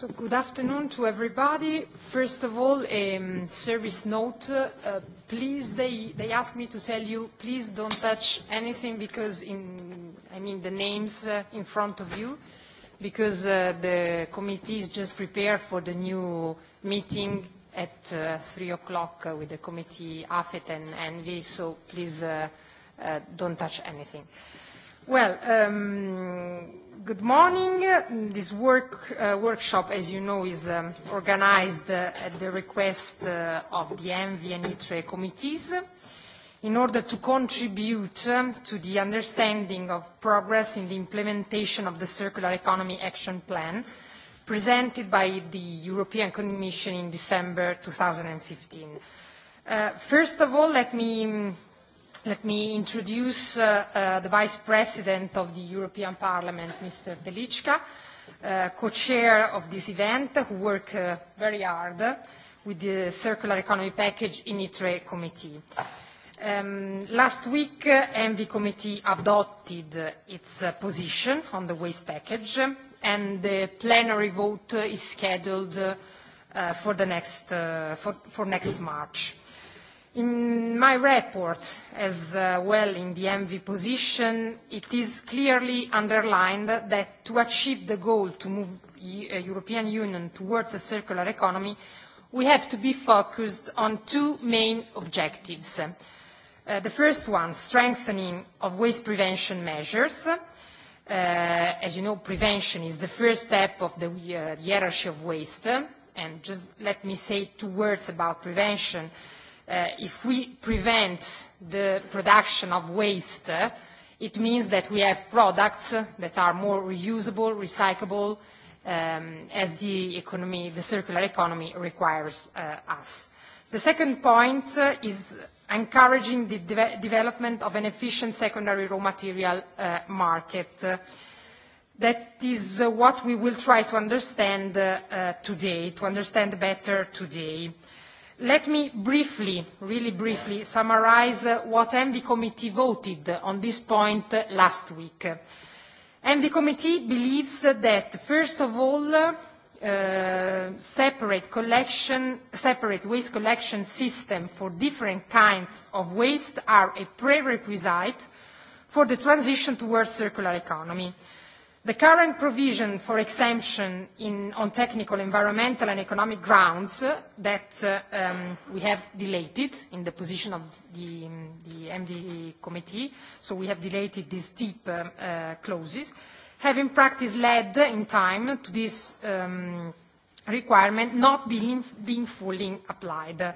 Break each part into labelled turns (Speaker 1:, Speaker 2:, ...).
Speaker 1: So good afternoon to everybody. First of all, a um, service note. Uh, please, they, they asked me to tell you, please don't touch anything because in, I mean, the names uh, in front of you, because uh, the committee is just prepared for the new meeting at uh, 3 o'clock uh, with the committee AFET and ENVI, so please uh, uh, don't touch anything. Uh, Well, um, good morning. This work, uh, workshop, as you know, is um, organized uh, at the request uh, of the ENVI and ITRE committees in order to contribute um, to the understanding of progress in the implementation of the Circular Economy Action Plan presented by the European Commission in December 2015. Uh, first of all, let me um, Let me introduce uh, uh, the Vice President of the European Parliament, Mr. Telichka, uh, co-chair of this event, who work uh, very hard uh, with the Circular Economy Package in ITRE Committee. Um, last week, uh, ENVI Committee adopted uh, its uh, position on the waste package, uh, and the plenary vote uh, is scheduled uh, uh, for, the next, uh, for, for next March. In my report, as uh, well in the MV position, it is clearly underlined that to achieve the goal to move e uh, European Union towards a circular economy, we have to be focused on two main objectives. Uh, the first one, strengthening of waste prevention measures. Uh, as you know, prevention is the first step of the uh, hierarchy of waste. And just let me say two words about prevention. Uh, uh, if we prevent the production of waste, uh, it means that we have products that are more reusable, recyclable, um, as the economy, the circular economy requires uh, us. The second point uh, is encouraging the de development of an efficient secondary raw material uh, market. Uh, that is uh, what we will try to understand uh, uh, today, to understand better today. Uh, Let me briefly, really briefly, summarize uh, what ENVI Committee voted on this point uh, last week. ENVI Committee believes that, first of all, uh, separate, collection, separate waste collection system for different kinds of waste are a prerequisite for the transition towards circular economy. Uh, The current provision for exemption in, on technical, environmental and economic grounds uh, that uh, um, we have deleted in the position of the, um, the MV e committee, so we have deleted these deep uh, um, uh, clauses, have in practice led in time to this um, requirement not being, being fully applied. Uh,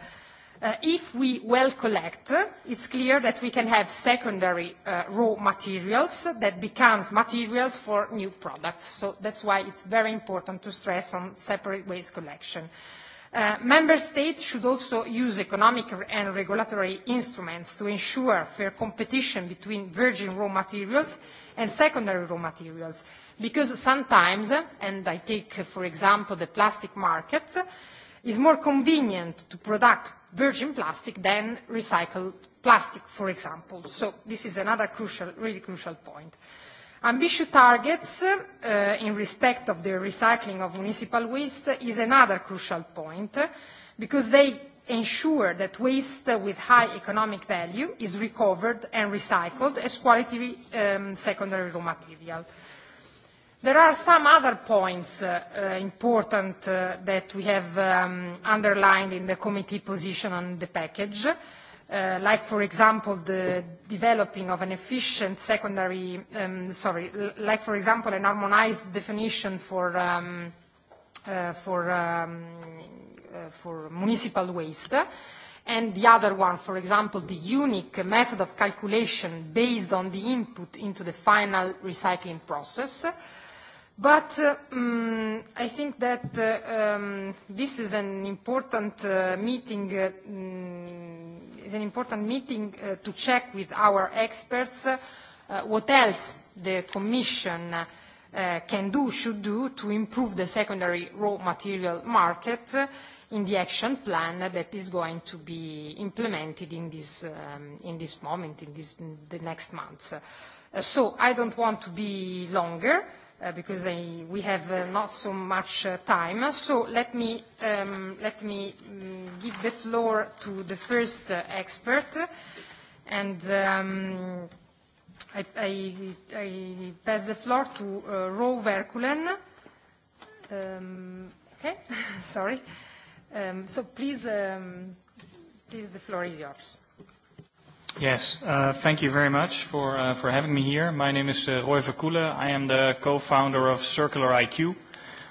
Speaker 1: Uh, if we well collect, it's clear that we can have secondary uh, raw materials that becomes materials for new products. So that's why it's very important to stress on separate waste collection. Uh, member states should also use economic and regulatory instruments to ensure fair competition between virgin raw materials and secondary raw materials, because sometimes, and I take, for example, the plastic market, uh, is more convenient to product virgin plastic than recycled plastic, for example. So this is another crucial, really crucial point. Ambitious targets uh, in respect of the recycling of municipal waste is another crucial point because they ensure that waste with high economic value is recovered and recycled as quality um, secondary raw material. Uh, There are some other points uh, uh, important uh, that we have um, underlined in the committee position on the package, uh, like, for example, the developing of an efficient secondary, um, sorry, like, for example, an harmonized definition for, um, uh, for, um, uh, for municipal waste, and the other one, for example, the unique method of calculation based on the input into the final recycling process, uh, But uh, um, I think that uh, um, this is an important uh, meeting, uh, um, is an important meeting uh, to check with our experts uh, what else the Commission uh, can do, should do, to improve the secondary raw material market uh, in the action plan that is going to be implemented in this, um, in this moment, in, this, in the next months. Uh, so I don't want to be longer. Uh, uh, because I, we have uh, not so much uh, time. So let me, um, let me um, give the floor to the first uh, expert. And um, I, I, I pass the floor to uh, Ro Verkulen. Um, okay, sorry. Um, so please, um, please, the floor is yours.
Speaker 2: Yes, uh, thank you very much for, uh, for having me here. My name is uh, Roy Verkoelen. I am the co-founder of Circular IQ,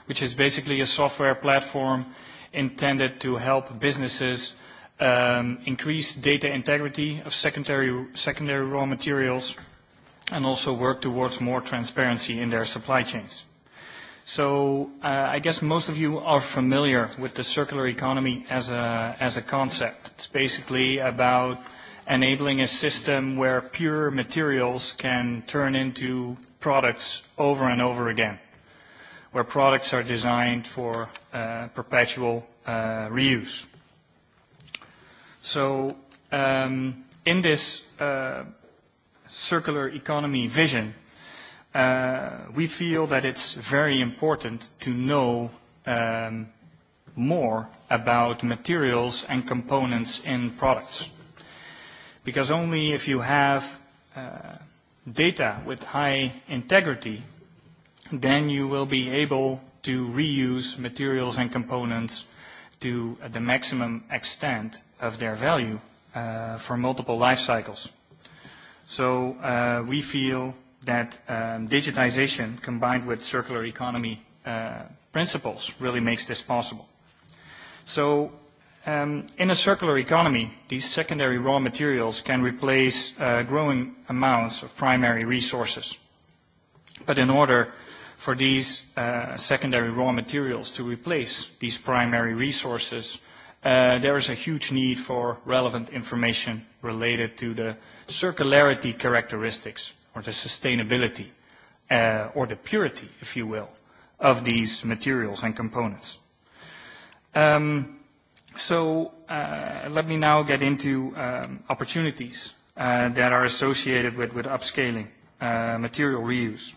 Speaker 2: which is basically a software platform intended to help businesses um, increase data integrity of secondary, secondary raw materials and also work towards more transparency in their supply chains. So uh, I guess most of you are familiar with the circular economy as a, as a concept. It's basically about enabling a system where pure materials can turn into products over and over again, where products are designed for uh, perpetual uh, reuse. So um, in this uh, circular economy vision, uh, we feel that it's very important to know um, more about materials and components in products because only if you have uh, data with high integrity, then you will be able to reuse materials and components to uh, the maximum extent of their value uh, for multiple life cycles. So uh, we feel that um, digitization combined with circular economy uh, principles really makes this possible. So Um, in a circular economy, these secondary raw materials can replace uh, growing amounts of primary resources. But in order for these uh, secondary raw materials to replace these primary resources, uh, there is a huge need for relevant information related to the circularity characteristics or the sustainability uh, or the purity, if you will, of these materials and components. Um, So uh, let me now get into um, opportunities uh, that are associated with, with upscaling uh, material reuse.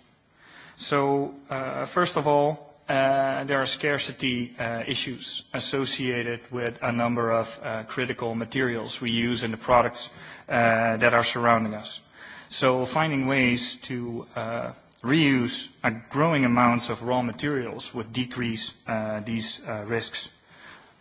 Speaker 2: So uh, first of all, uh, there are scarcity uh, issues associated with a number of uh, critical materials we use in the products uh, that are surrounding us. So finding ways to uh, reuse a growing amounts of raw materials would decrease uh, these uh, risks.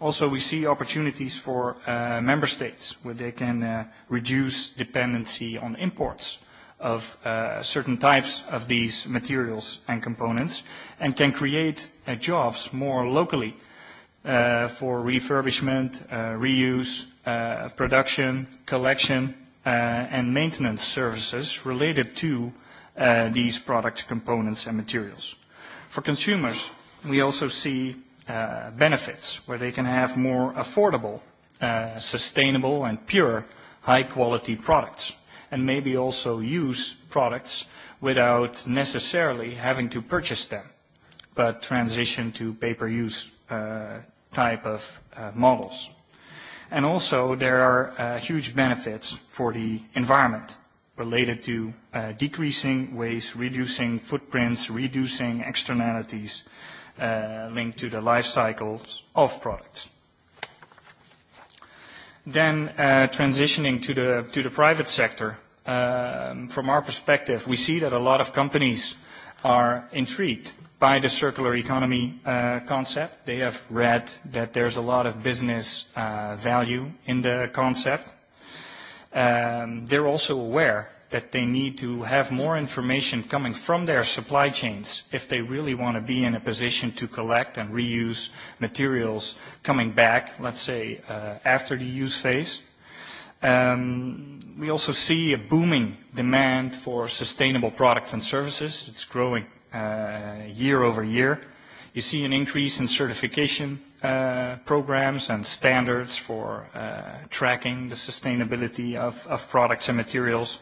Speaker 2: Also, we see opportunities for uh, member states where they can uh, reduce dependency on imports of uh, certain types of these materials and components and can create uh, jobs more locally uh, for refurbishment, uh, reuse, uh, production, collection, uh, and maintenance services related to uh, these products, components, and materials. For consumers, we also see uh, benefits, where they can have more affordable, uh, sustainable and pure high quality products, and maybe also use products without necessarily having to purchase them, but transition to pay-per-use uh, type of uh, models. And also there are uh, huge benefits for the environment related to uh, decreasing waste, reducing footprints, reducing externalities, uh, uh, linked to the life cycles of products. Then uh, transitioning to the, to the private sector, um, from our perspective, we see that a lot of companies are intrigued by the circular economy uh, concept. They have read that there's a lot of business uh, value in the concept. Um, they're also aware that they need to have more information coming from their supply chains if they really want to be in a position to collect and reuse materials coming back, let's say, uh, after the use phase. Um, we also see a booming demand for sustainable products and services. It's growing uh, year over year. You see an increase in certification uh, programs and standards for uh, tracking the sustainability of, of products and materials. Uh,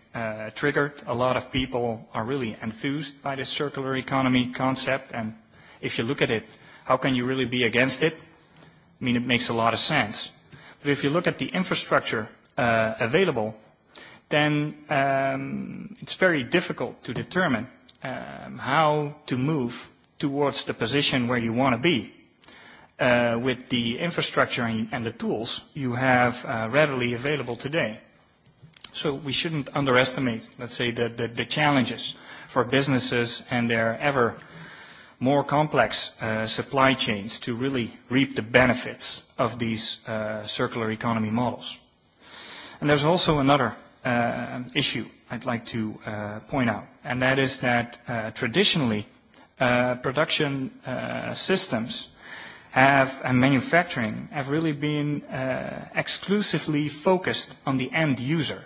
Speaker 2: uh, triggered. A lot of people are really enthused by this circular economy concept, and if you look at it, how can you really be against it? I mean, it makes a lot of sense. But if you look at the infrastructure uh, available, then um, it's very difficult to determine um, how to move towards the position where you want to be. Uh, with the infrastructure and, and the tools you have uh, readily available today. So we shouldn't underestimate, let's say, the, the, the challenges for businesses and their ever more complex uh, supply chains to really reap the benefits of these uh, circular economy models. And there's also another uh, issue I'd like to uh, point out, and that is that uh, traditionally uh, production uh, systems have and manufacturing have really been uh, exclusively focused on the end user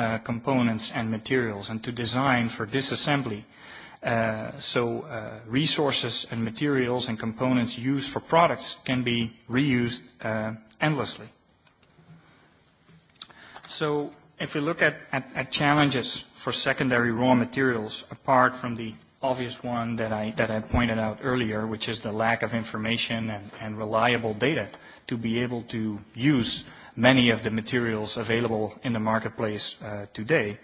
Speaker 2: uh, components and materials and to design for disassembly. Uh, so uh, resources and materials and components used for products can be reused uh, endlessly. So if we look at, at, at challenges for secondary raw materials, apart from the obvious one that I, that I pointed out earlier, which is the lack of information and, and reliable data to be able to use many of the materials available in the marketplace uh, today.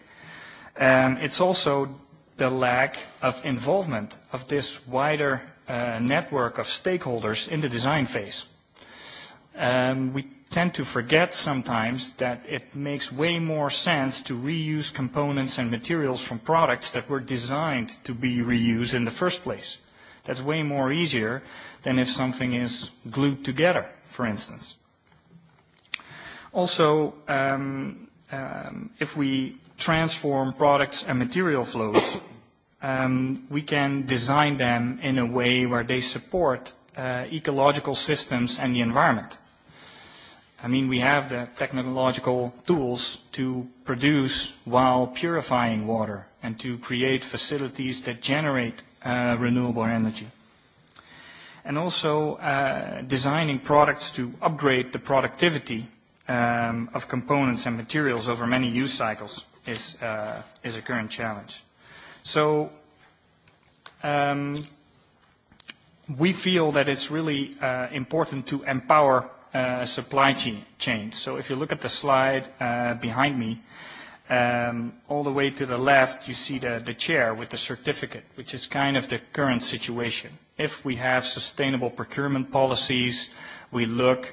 Speaker 2: Um, it's also the lack of involvement of this wider uh, network of stakeholders in the design phase. Um, we tend to forget sometimes that it makes way more sense to reuse components and materials from products that were designed to be reused in the first place. That's way more easier than if something is glued together, for instance. Also, um, um, if we transform products and material flows, um, we can design them in a way where they support uh, ecological systems and the environment. I mean, we have the technological tools to produce while purifying water and to create facilities that generate uh, renewable energy. And also uh, designing products to upgrade the productivity um, of components and materials over many use cycles is, uh, is a current challenge. So um, we feel that it's really uh, important to empower uh, supply chains. So if you look at the slide uh, behind me, um, all the way to the left, you see the, the chair with the certificate, which is kind of the current situation. If we have sustainable procurement policies, we look uh,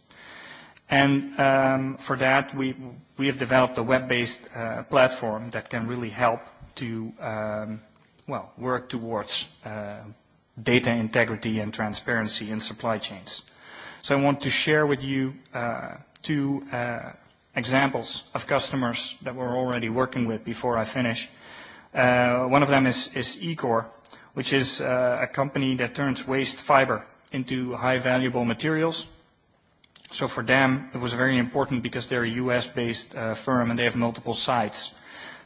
Speaker 2: And um, for that, we, we have developed a web-based uh, platform that can really help to, um, well, work towards uh, data integrity and transparency in supply chains. So I want to share with you uh, two uh, examples of customers that we're already working with before I finish. Uh, one of them is, is Ecor, which is uh, a company that turns waste fiber into high valuable materials So for them, it was very important because they're a US-based uh, firm and they have multiple sites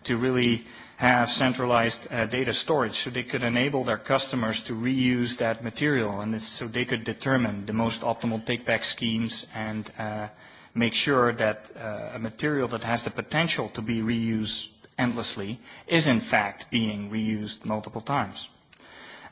Speaker 2: to really have centralized uh, data storage so they could enable their customers to reuse that material and this, so they could determine the most optimal take-back schemes and uh, make sure that uh, a material that has the potential to be reused endlessly is in fact being reused multiple times.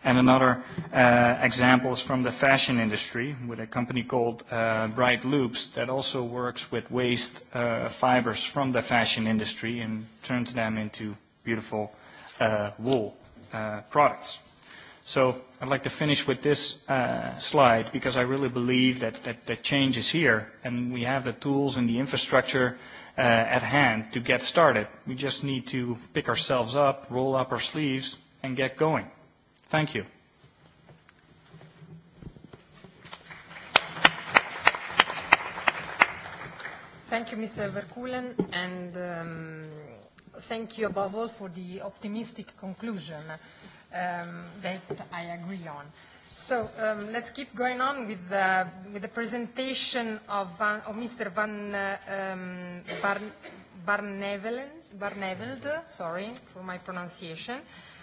Speaker 2: And another uh, example is from the fashion industry with a company called uh, Bright Loops that also works with waste uh, fibers from the fashion industry and turns them into beautiful uh, wool uh, products. So I'd like to finish with this uh, slide because I really believe that, that, that change is here and we have the tools and the infrastructure uh, at hand to get started. We just need to pick ourselves up, roll up our sleeves, and get going. Thank you.
Speaker 1: Thank you, Mr. Verkulen, and um, thank you above all for the optimistic conclusion um, that I agree on. So um, let's keep going on with the, with the presentation of, uh, Van, of Mr. Van uh, um, Barn, Barneveld, Barneveld, sorry for my pronunciation. Uh,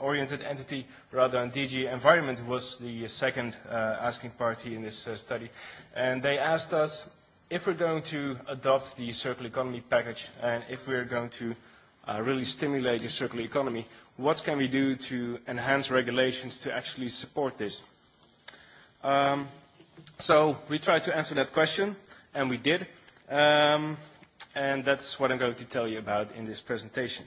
Speaker 3: oriented entity rather than DG Environment was the second uh, asking party in this uh, study. And they asked us if we're going to adopt the circular economy package and if we're going to uh, really stimulate the circular economy, what can we do to enhance regulations to actually support this? Um, so we tried to answer that question, and we did. Um, and that's what I'm going to tell you about in this presentation.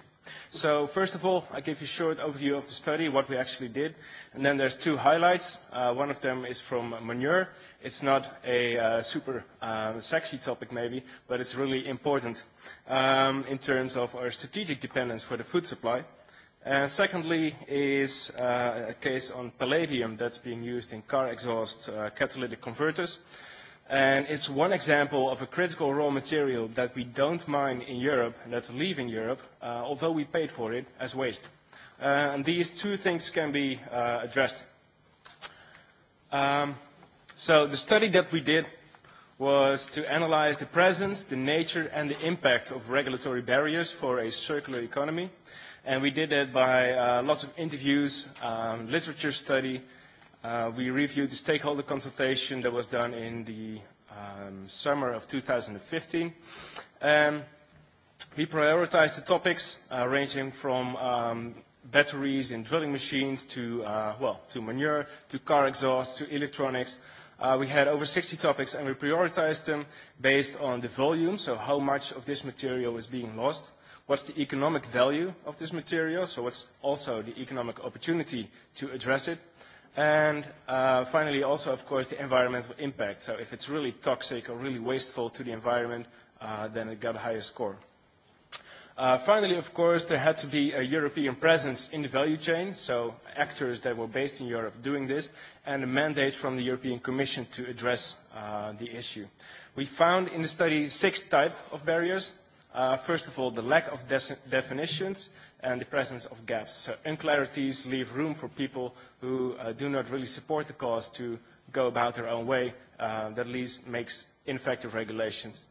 Speaker 3: So first of all, I give you a short overview of the study, what we actually did, and then there's two highlights. Uh, one of them is from manure. It's not a uh, super uh, sexy topic maybe, but it's really important um, in terms of our strategic dependence for the food supply. Uh, secondly is uh, a case on palladium that's being used in car exhaust uh, catalytic converters. Uh, And it's one example of a critical raw material that we don't mine in Europe, that's leaving Europe, uh, although we paid for it as waste. Uh, and these two things can be uh, addressed. Um, so the study that we did was to analyze the presence, the nature, and the impact of regulatory barriers for a circular economy. And we did that by uh, lots of interviews, um, literature study, Uh, we reviewed the stakeholder consultation that was done in the um, summer of 2015. Um, we prioritized the topics uh, ranging from um, batteries in drilling machines to, uh, well, to manure, to car exhaust, to electronics. Uh, we had over 60 topics and we prioritized them based on the volume, so how much of this material is being lost, what's the economic value of this material, so what's also the economic opportunity to address it, And uh, finally, also, of course, the environmental impact. So if it's really toxic or really wasteful to the environment, uh, then it got a higher score. Uh, finally, of course, there had to be a European presence in the value chain, so actors that were based in Europe doing this, and a mandate from the European Commission to address uh, the issue. We found in the study six types of barriers. Uh, first of all, the lack of de definitions and the presence of gaps. So unclarities leave room for people who uh, do not really support the cause to go about their own way. Uh, that at least makes ineffective regulations.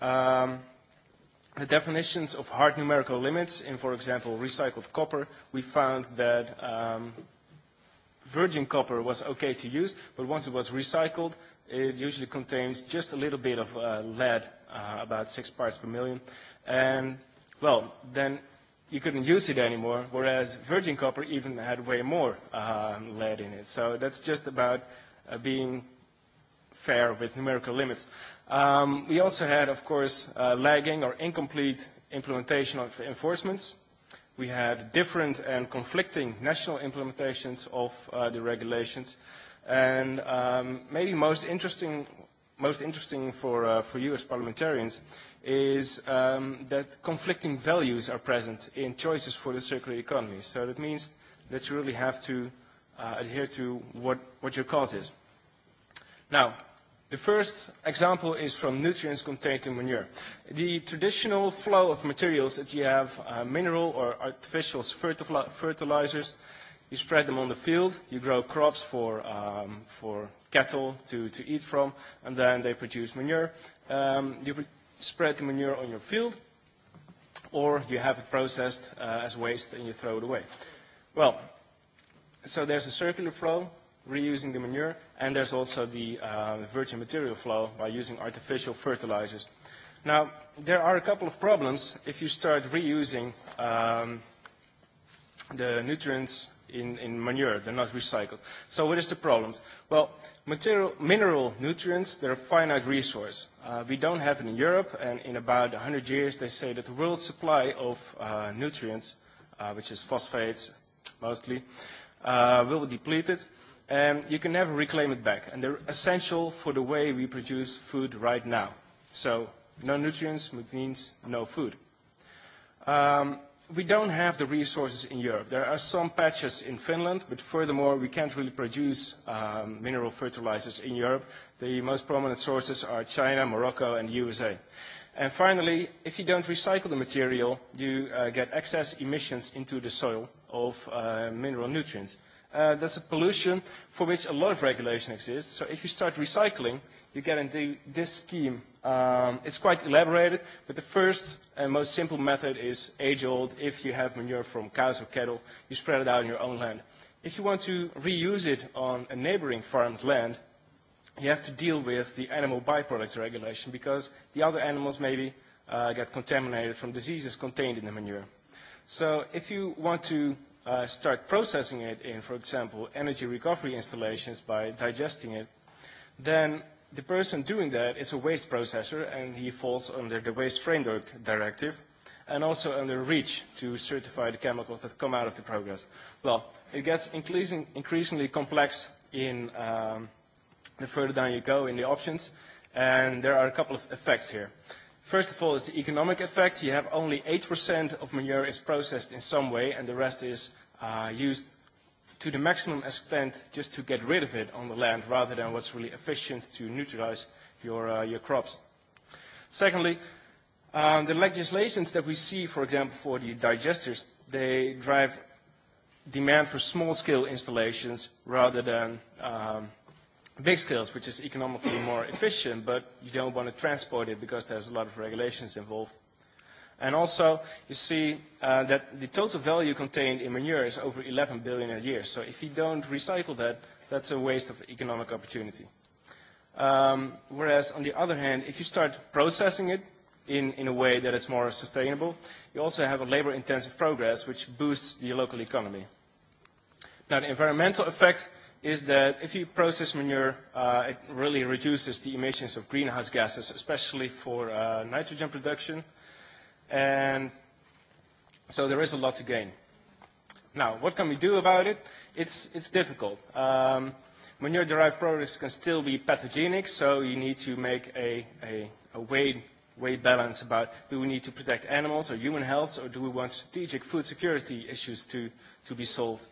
Speaker 3: Um, the definitions of hard numerical limits in, for example, recycled copper, we found that um, virgin copper was okay to use, but once it was recycled, it usually contains just a little bit of uh, lead, uh, about six parts per million. And, well, then you couldn't use it anymore, whereas virgin copper even had way more um, lead in it. So that's just about uh, being fair with numerical limits. Um, we also had, of course, uh, lagging or incomplete implementation of enforcements. We had different and conflicting national implementations of uh, the regulations. And um, maybe most interesting, most interesting for, uh, for you as parliamentarians is um, that conflicting values are present in choices for the circular economy. So that means that you really have to uh, adhere to what, what your cause is. Now, the first example is from nutrients contained in manure. The traditional flow of materials that you have uh, mineral or artificial fertilizers, you spread them on the field, you grow crops for, um, for cattle to, to eat from, and then they produce manure. Um, you, spread the manure on your field, or you have it processed uh, as waste and you throw it away. Well, so there's a circular flow, reusing the manure, and there's also the uh, virgin material flow by using artificial fertilizers. Now, there are a couple of problems if you start reusing um, the nutrients in, in manure. They're not recycled. So what is the problem? Well, material, mineral nutrients, they're a finite resource. Uh, we don't have it in Europe, and in about 100 years, they say that the world supply of uh, nutrients, uh, which is phosphates mostly, uh, will be depleted, and you can never reclaim it back. And they're essential for the way we produce food right now. So no nutrients means no food. Um, we don't have the resources in Europe. There are some patches in Finland, but furthermore, we can't really produce um, mineral fertilizers in Europe. The most prominent sources are China, Morocco, and the USA. And finally, if you don't recycle the material, you uh, get excess emissions into the soil of uh, mineral nutrients. Uh, that's a pollution for which a lot of regulation exists. So if you start recycling, you get into this scheme. Um, it's quite elaborated, but the first and most simple method is age old. If you have manure from cows or cattle, you spread it out on your own land. If you want to reuse it on a neighboring farmed land, you have to deal with the animal byproducts regulation because the other animals maybe uh, get contaminated from diseases contained in the manure. So if you want to uh, start processing it in, for example, energy recovery installations by digesting it, then the person doing that is a waste processor, and he falls under the Waste Framework Directive, and also under REACH to certify the chemicals that come out of the progress. Well, it gets increasing, increasingly complex in um, the further down you go in the options, and there are a couple of effects here. First of all is the economic effect. You have only 8% of manure is processed in some way, and the rest is uh, used to the maximum extent just to get rid of it on the land rather than what's really efficient to neutralize your, uh, your crops. Secondly, um, the legislations that we see, for example, for the digesters, they drive demand for small-scale installations rather than um, big scales, which is economically more efficient, but you don't want to transport it because there's a lot of regulations involved. And also, you see uh, that the total value contained in manure is over 11 billion a year. So if you don't recycle that, that's a waste of economic opportunity. Um, whereas, on the other hand, if you start processing it in, in a way that is more sustainable, you also have a labor-intensive progress, which boosts the local economy. Now, the environmental effect is that if you process manure, uh, it really reduces the emissions of greenhouse gases, especially for uh, nitrogen production – And so there is a lot to gain. Now, what can we do about it? It's, it's difficult. Um, manure-derived products can still be pathogenic, so you need to make a, a, a way, way balance about do we need to protect animals or human health, or do we want strategic food security issues to, to be solved?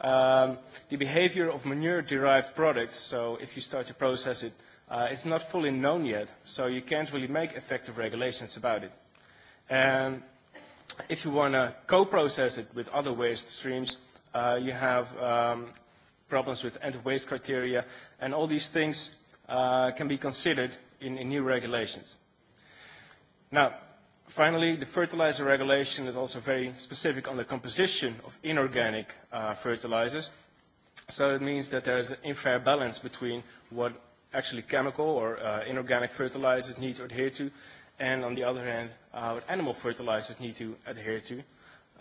Speaker 3: Um, the behavior of manure-derived products, so if you start to process it, uh, it's not fully known yet, so you can't really make effective regulations about it. And if you want to co-process it with other waste streams, uh, you have um, problems with end-of-waste criteria, and all these things uh, can be considered in, in new regulations. Now, finally, the fertilizer regulation is also very specific on the composition of inorganic uh, fertilizers. So it means that there is an unfair balance between what actually chemical or uh, inorganic fertilizers need to adhere to and on the other hand, uh, what animal fertilizers need to adhere to.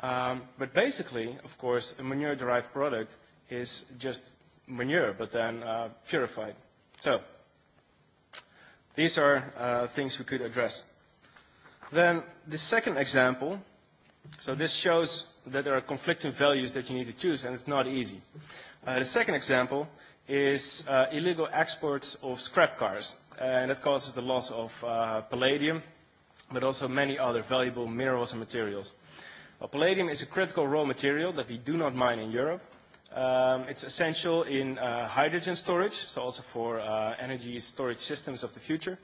Speaker 3: Um, but basically, of course, a manure-derived product is just manure, but then uh, purified. So these are uh, things we could address. Then the second example, so this shows that there are conflicting values that you need to choose, and it's not easy. Uh, the second example is uh, illegal exports of scrap cars. Uh, and that causes the loss of uh, palladium, but also many other valuable minerals and materials. Well, palladium is a critical raw material that we do not mine in Europe. Um, it's essential in uh, hydrogen storage, so also for uh, energy storage systems of the future,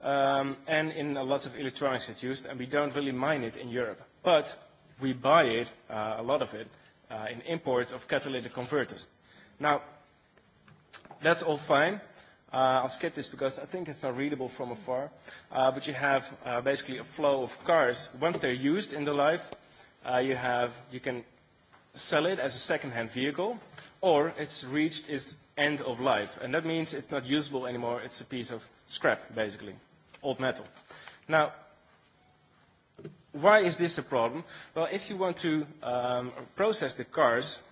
Speaker 3: um, and in uh, lots of electronics it's used, and we don't really mine it in Europe. But we buy it, uh, a lot of it, uh, in imports of catalytic converters. Now, that's all fine, Uh, I'll skip this because I think it's not readable from afar. Uh, but you have uh, basically a flow of cars. Once they're used in the life, uh, you, have, you can sell it as a second-hand vehicle, or it's reached its end of life. And that means it's not usable anymore. It's a piece of scrap, basically, old metal. Now, why is this a problem? Well, if you want to um, process the cars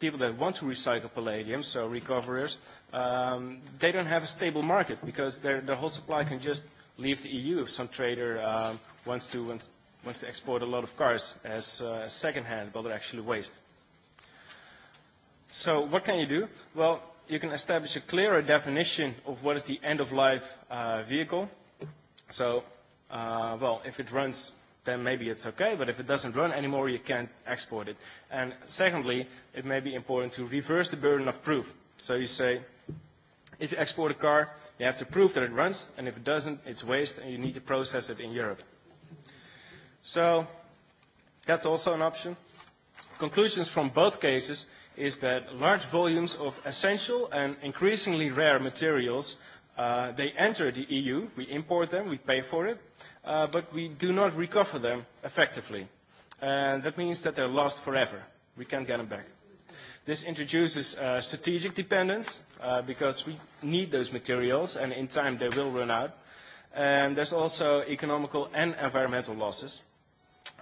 Speaker 3: people that want to recycle palladium, so recoverers, um, they don't have a stable market because their, their whole supply can just leave the EU if some trader um, wants, to, wants, wants to export a lot of cars as uh, secondhand, but they're actually waste. So what can you do? Well, you can establish a clearer definition of what is the end-of-life uh, vehicle. So, uh, well, if it runs then maybe it's okay, but if it doesn't run anymore, you can't export it. And secondly, it may be important to reverse the burden of proof. So you say, if you export a car, you have to prove that it runs, and if it doesn't, it's waste, and you need to process it in Europe. So that's also an option. Conclusions from both cases is that large volumes of essential and increasingly rare materials Uh, they enter the EU, we import them, we pay for it, uh, but we do not recover them effectively. And that means that they're lost forever. We can't get them back. This introduces uh, strategic dependence uh, because we need those materials and in time they will run out. And there's also economical and environmental losses.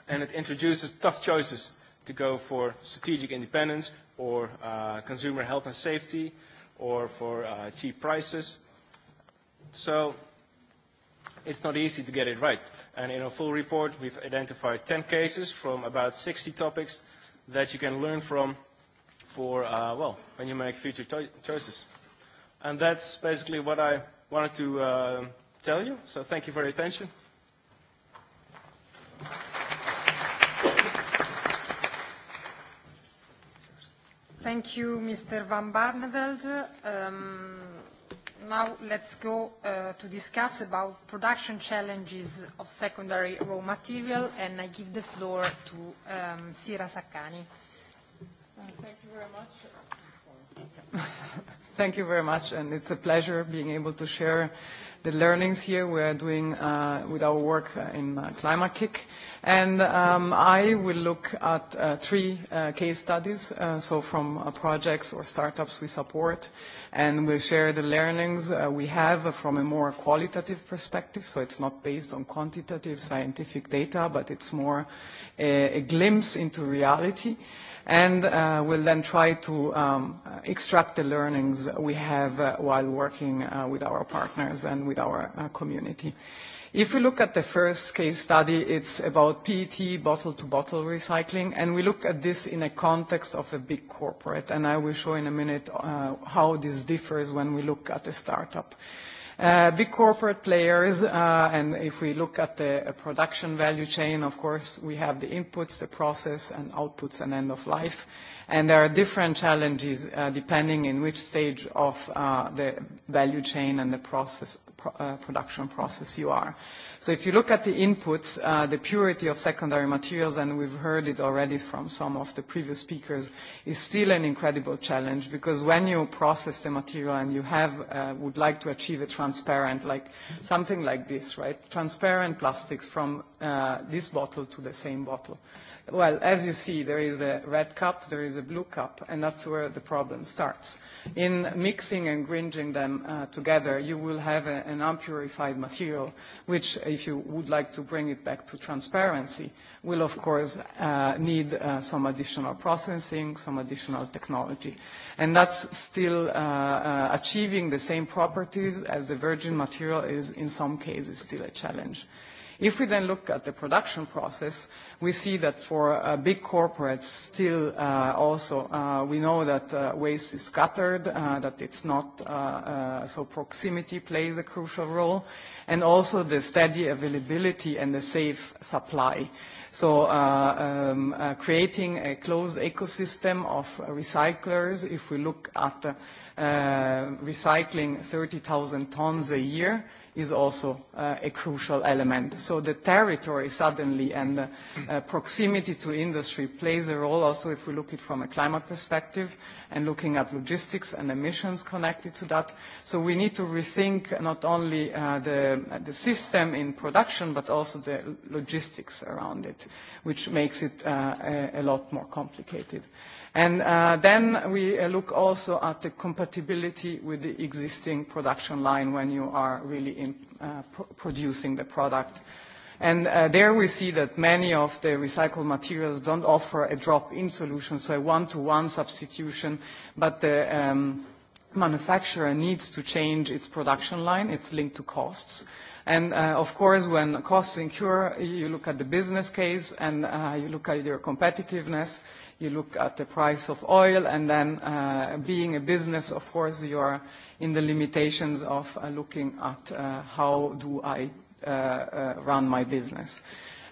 Speaker 3: And it introduces tough choices to go for strategic independence or uh, consumer health and safety or for uh, cheap prices So it's not easy to get it right. And in a full report, we've identified 10 cases from about 60 topics that you can learn from for, uh, well, when you make future choices. And that's basically what I wanted to uh, tell you. So thank you for your attention.
Speaker 1: Thank you, Mr. Van Barneveld. Um, now let's go uh, to discuss about production challenges of secondary raw material, and I give the floor to um, Sira Saccani. Uh, thank you very much.
Speaker 4: thank you very much, and it's a pleasure being able to share the learnings here we are doing uh, with our work uh, in uh, Climate Kick. And um, I will look at uh, three uh, case studies, uh, so from uh, projects or startups we support, and we'll share the learnings uh, we have from a more qualitative perspective. So it's not based on quantitative scientific data, but it's more a, a glimpse into reality. And uh, we'll then try to um, extract the learnings we have uh, while working uh, with our partners and with our uh, community. Uh, If we look at the first case study, it's about PET bottle-to-bottle -bottle recycling, and we look at this in a context of a big corporate, and I will show in a minute uh, how this differs when we look at a startup. Uh, big corporate players, uh, and if we look at the uh, production value chain, of course, we have the inputs, the process, and outputs, and end of life. And there are different challenges uh, depending in which stage of uh, the value chain and the process pro, uh, production process you are. So if you look at the inputs, uh, the purity of secondary materials, and we've heard it already from some of the previous speakers, is still an incredible challenge because when you process the material and you have, uh, would like to achieve a transparent, like something like this, right? Transparent plastics from uh, this bottle to the same bottle Well, as you see, there is a red cup, there is a blue cup, and that's where the problem starts. In mixing and grinding them uh, together, you will have a, an unpurified material, which, if you would like to bring it back to transparency, will of course uh, need uh, some additional processing, some additional technology. And that's still uh, uh, achieving the same properties as the virgin material is in some cases still a challenge. Uh, If we then look at the production process, we see that for uh, big corporates still uh, also, uh, we know that uh, waste is scattered, uh, that it's not, uh, uh, so proximity plays a crucial role, and also the steady availability and the safe supply. So uh, um, uh, creating a closed ecosystem of recyclers, if we look at uh, recycling 30,000 tons a year, is also uh, a crucial element. So the territory suddenly and uh, uh, proximity to industry plays a role also if we look it from a climate perspective and looking at logistics and emissions connected to that. So we need to rethink not only uh, the, the system in production but also the logistics around it, which makes it uh, a, a lot more complicated. Uh, And uh, then we uh, look also at the compatibility with the existing production line when you are really in, uh, pr producing the product. And uh, there we see that many of the recycled materials don't offer a drop-in solution, so a one-to-one -one substitution, but the um, manufacturer needs to change its production line. It's linked to costs. And uh, of course, when costs incur, you look at the business case and uh, you look at your competitiveness, you look at the price of oil, and then uh, being a business, of course, you are in the limitations of uh, looking at uh, how do I uh, uh, run my business.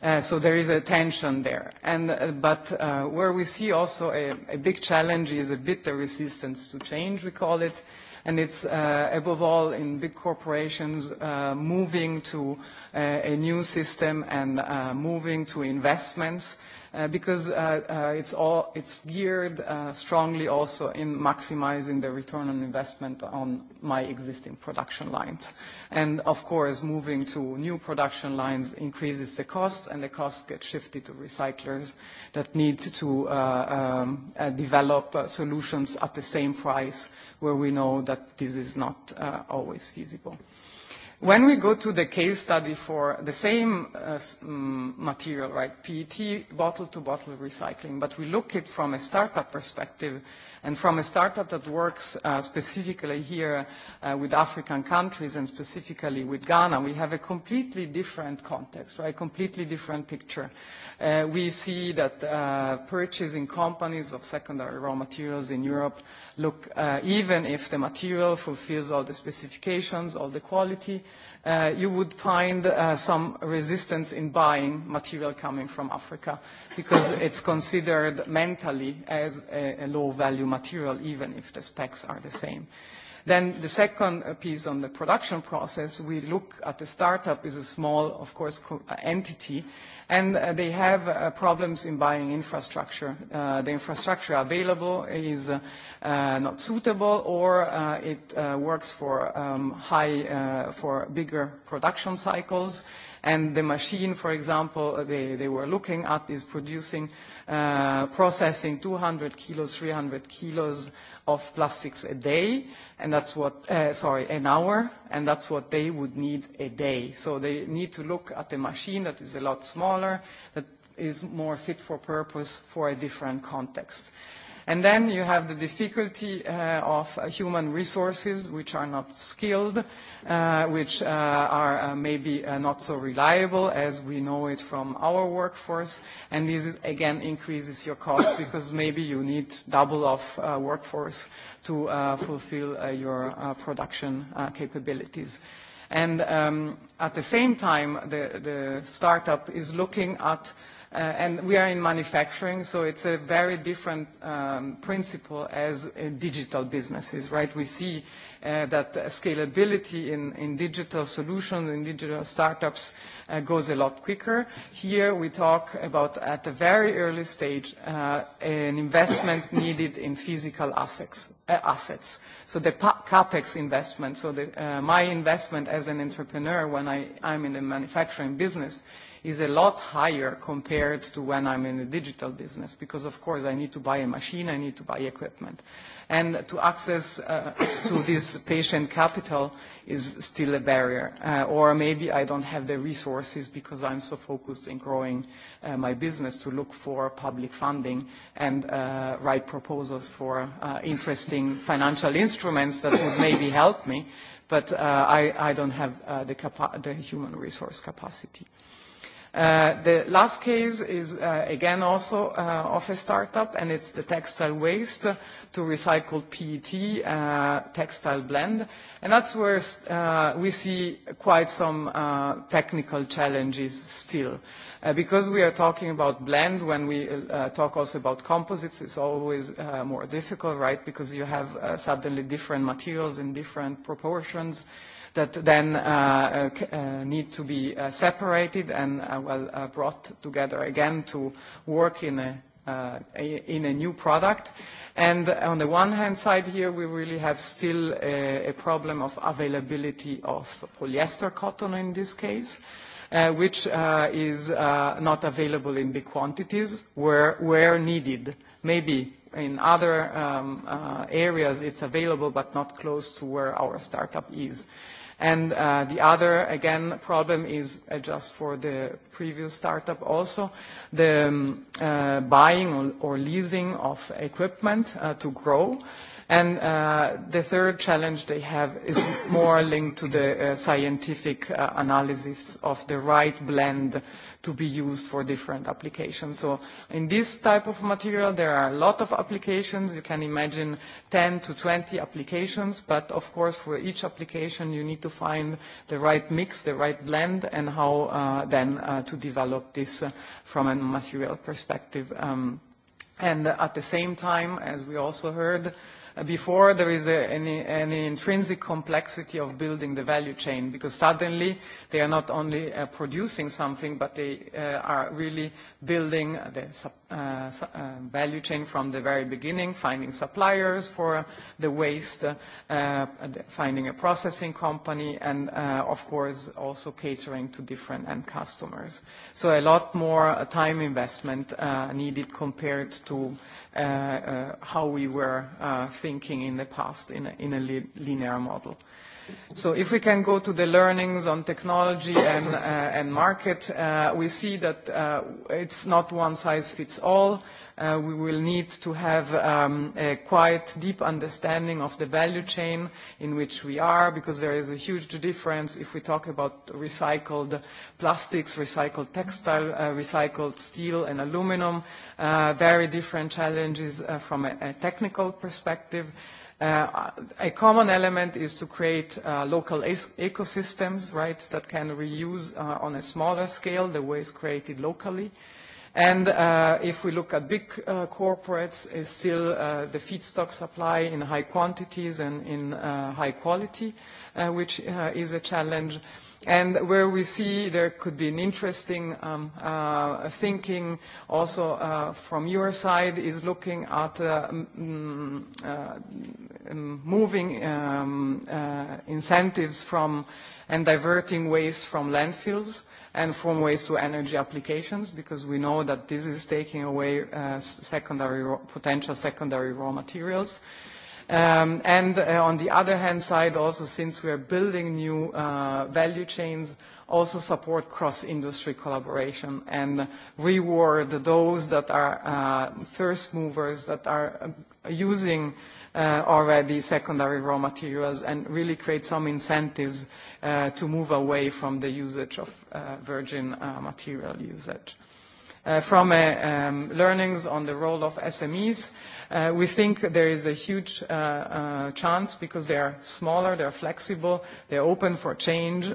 Speaker 4: Uh, so there is a tension there. And, uh, but uh, where we see also a, a big challenge is a bit the resistance to change, we call it, and it's uh, above all in big corporations uh, moving to uh, a new system and uh, moving to investments. Uh, uh, because uh, uh, it's, all, it's geared uh, strongly also in maximizing the return on investment on my existing production lines. And of course, moving to new production lines increases the cost, and the costs get shifted to recyclers that need to uh, um, uh, develop uh, solutions at the same price where we know that this is not uh, always feasible. When we go to the case study for the same uh, mm, material, right, PET, bottle-to-bottle -bottle recycling, but we look it from a startup perspective, And from a startup that works uh, specifically here uh, with African countries and specifically with Ghana, we have a completely different context, right? Completely different picture. Uh, we see that uh, purchasing companies of secondary raw materials in Europe look, uh, even if the material fulfills all the specifications, all the quality, uh, you would find uh, some resistance in buying material coming from Africa because it's considered mentally as a, a low-value material, even if the specs are the same. Then the second uh, piece on the production process, we look at the startup is a small, of course, uh, entity, uh, and uh, they have uh, problems in buying infrastructure. Uh, the infrastructure available is uh, uh, not suitable or uh, it uh, works for um, high, uh, for bigger production cycles. And the machine, for example, uh, they, they were looking at is producing, uh, processing 200 kilos, 300 kilos of plastics a day. Uh, and that's what, uh, sorry, an hour, and that's what they would need a day. So they need to look at a machine that is a lot smaller, that is more fit for purpose for a different context. And then you have the difficulty uh, of uh, human resources, which are not skilled, uh, which uh, are uh, maybe uh, not so reliable as we know it from our workforce. And this, is, again, increases your cost because maybe you need double of uh, workforce to uh, fulfill uh, your uh, production uh, capabilities. And um, at the same time, the, the startup is looking at uh, Uh, and we are in manufacturing, so it's a very different um, principle as uh, digital businesses, right? We see uh, that scalability in, in digital solutions, in digital startups, uh, goes a lot quicker. Here we talk about, at a very early stage, uh, an investment needed in physical assets. Uh, assets. So the CapEx investment, so the, uh, my investment as an entrepreneur when I, I'm in the manufacturing business is a lot higher compared to when I'm in a digital business because, of course, I need to buy a machine, I need to buy equipment. And to access uh, to this patient capital is still a barrier. Uh, or maybe I don't have the resources because I'm so focused in growing uh, my business to look for public funding and uh, write proposals for uh, interesting financial instruments that would maybe help me. But uh, I, I don't have uh, the, capa- the human resource capacity. Uh, the last case is, uh, again, also uh, of a startup, and it's the textile waste to recycle PET uh, textile blend. And that's where uh, we see quite some uh, technical challenges still. Because we are talking about blend, when we talk also about composites, it's always more difficult, right? Because you have suddenly different materials in different proportions, that then uh, uh, uh, need to be uh, separated and uh, well uh, brought together again to work in a uh, in a new product. And on the one hand side here, we really have still a, a problem of availability of polyester cotton in this case, uh, which uh, is uh, not available in big quantities where, where needed. Maybe in other um, uh, areas it's available, but not close to where our startup is. Uh, And uh, the other, again, problem is uh, just for the previous startup also, the um, uh, buying or, or leasing of equipment uh, to grow. Uh, And uh, the third challenge they have is more linked to the uh, scientific uh, analysis of the right blend to be used for different applications. So in this type of material, there are a lot of applications. You can imagine 10 to 20 applications, but of course for each application you need to find the right mix, the right blend, and how uh, then uh, to develop this uh, from a material perspective. Um, and at the same time, as we also heard, uh, before there is a, any, any intrinsic complexity of building the value chain because suddenly they are not only uh, producing something but they uh, are really building the sub, uh, su uh, value chain from the very beginning, finding suppliers for the waste, uh, uh, finding a processing company and uh, of course also catering to different end customers. So a lot more uh, time investment uh, needed compared to uh, uh, uh, how we were uh, thinking in the past in a, in a li linear model. So if we can go to the learnings on technology and, uh, and market, uh, we see that uh, it's not one size fits all. Uh, uh, we will need to have um, a quite deep understanding of the value chain in which we are, because there is a huge difference if we talk about recycled plastics, recycled textile, uh, recycled steel and aluminum, uh, very different challenges uh, from a, a technical perspective. Uh, a common element is to create uh, local e-, ecosystems, right, that can reuse uh, on a smaller scale the waste created locally. Uh, And uh, if we look at big uh, corporates, it's still uh, the feedstock supply in high quantities and in uh, high quality, uh, which uh, is a challenge. And where we see there could be an interesting um, uh, thinking also uh, from your side is looking at uh, um, uh, moving um, uh, incentives from and diverting waste from landfills. Uh, and from waste to energy applications, because we know that this is taking away uh, secondary, potential secondary raw materials. Um, and uh, on the other hand side, also since we are building new uh, value chains, also support cross-industry collaboration and reward those that are uh, first movers, that are um, using uh, already secondary raw materials and really create some incentives uh, to move away from the usage of uh, virgin uh, material usage. Uh, from uh, um, learnings on the role of SMEs, Uh, we think there is a huge uh, uh, chance because they are smaller, they're flexible, they're open for change, uh,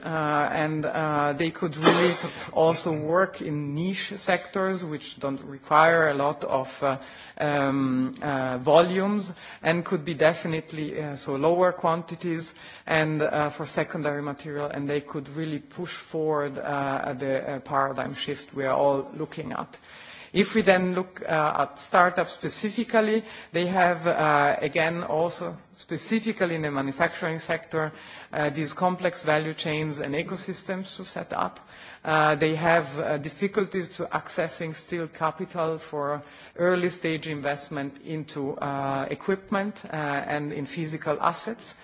Speaker 4: and uh, they could really also work in niche sectors which don't require a lot of uh, um, uh, volumes and could be definitely uh, so lower quantities and uh, for secondary material, and they could really push forward uh, the uh, paradigm shift we are all looking at. Uh, If we then look uh, at startups specifically, they have, uh, again, also specifically in the manufacturing sector, uh, these complex value chains and ecosystems to set up. Uh, they have uh, difficulties to accessing still capital for early stage investment into uh, equipment uh, and in physical assets.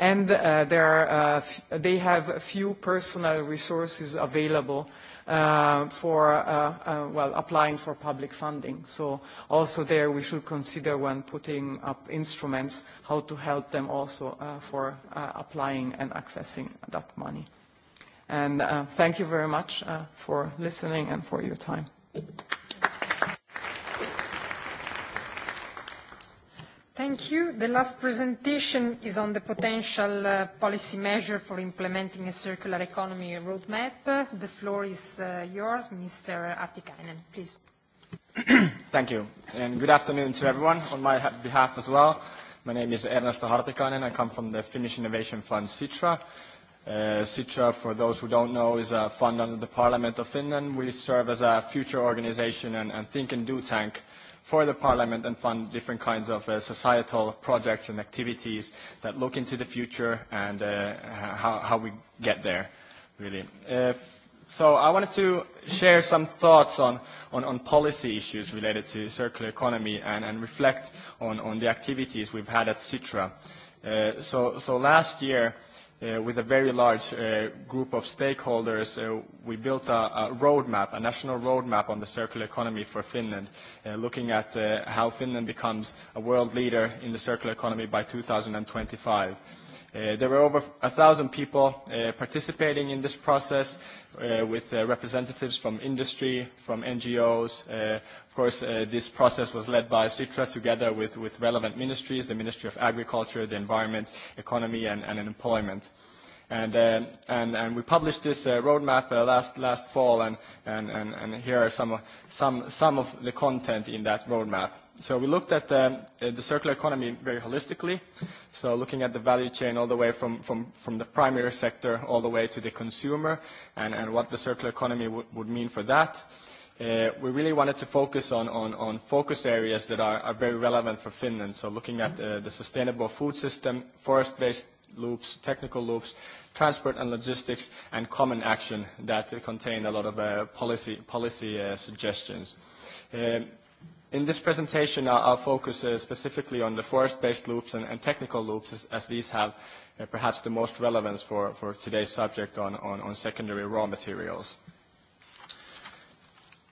Speaker 4: And uh, there are, uh, f- they have few personal resources available uh, uh, for, uh, uh, well, applying for public funding. So also there we should consider when putting up instruments how to help them also uh, for uh, applying and accessing that money. And uh, thank you very much uh, for listening and for your time. Thank you. Thank you. The
Speaker 1: last presentation is on the potential uh, policy measure for implementing a circular economy roadmap. The floor is uh, yours, Mr. Artikainen, please.
Speaker 5: Thank you, and good afternoon to everyone on my behalf as well. My name is Ernesto Hartikainen. I come from the Finnish Innovation Fund, Sitra. Uh, Sitra, for those who don't know, is a fund under the Parliament of Finland. We serve as a future organization and, and think and do tank for the Parliament and fund different kinds of uh, societal projects and activities that look into the future and uh, how, how we get there, really. Uh, so I wanted to share some thoughts on, on, on policy issues related to circular economy and, and reflect on, on the activities we've had at Citra. Uh, so, so last year, uh, uh, with a very large uh, group of stakeholders, uh, we built a, a roadmap, a national roadmap on the circular economy for Finland, uh, looking at uh, how Finland becomes a world leader in the circular economy by 2025. Uh, there were over a thousand people uh, participating in this process uh, with uh, representatives from industry, from NGOs. Uh, of course, uh, this process was led by CITRA together with, with relevant ministries, the Ministry of Agriculture, the Environment, Economy and, and Employment. And, uh, and, and we published this uh, roadmap uh, last, last fall, and, and, and, and here are some of, some, some of the content in that roadmap. So we looked at um, uh, the circular economy very holistically, so looking at the value chain all the way from, from, from the primary sector all the way to the consumer and, and what the circular economy would mean for that. Uh, we really wanted to focus on, on, on focus areas that are, are very relevant for Finland, so looking at uh, the sustainable food system, forest-based loops, technical loops, transport and logistics, and common action that uh, contained a lot of uh, policy, policy uh, suggestions. Uh, In this presentation, I'll, I'll focus uh, specifically on the forest-based loops and, and technical loops, as, as these have uh, perhaps the most relevance for, for today's subject on, on, on secondary raw materials.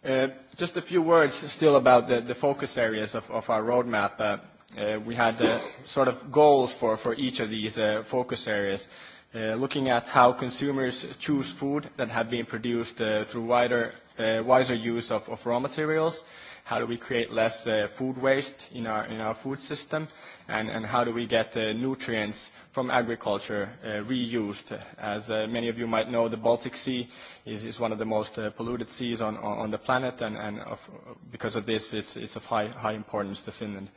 Speaker 5: Uh, just a few words still about the, the focus areas of, of our roadmap. Uh, uh, we had uh, sort of goals for, for each of these uh, focus areas. Uh, looking at how consumers choose food that have been produced uh, through wider, uh, wiser use of, of raw materials, uh, how do we create less uh, food waste in our, in our food system, and, and how do we get uh, nutrients from agriculture uh, reused. As uh, many of you might know, the Baltic Sea is, is one of the most uh, polluted seas on, on the planet, and, and of, because of this, it's, it's of high, high importance to Finland.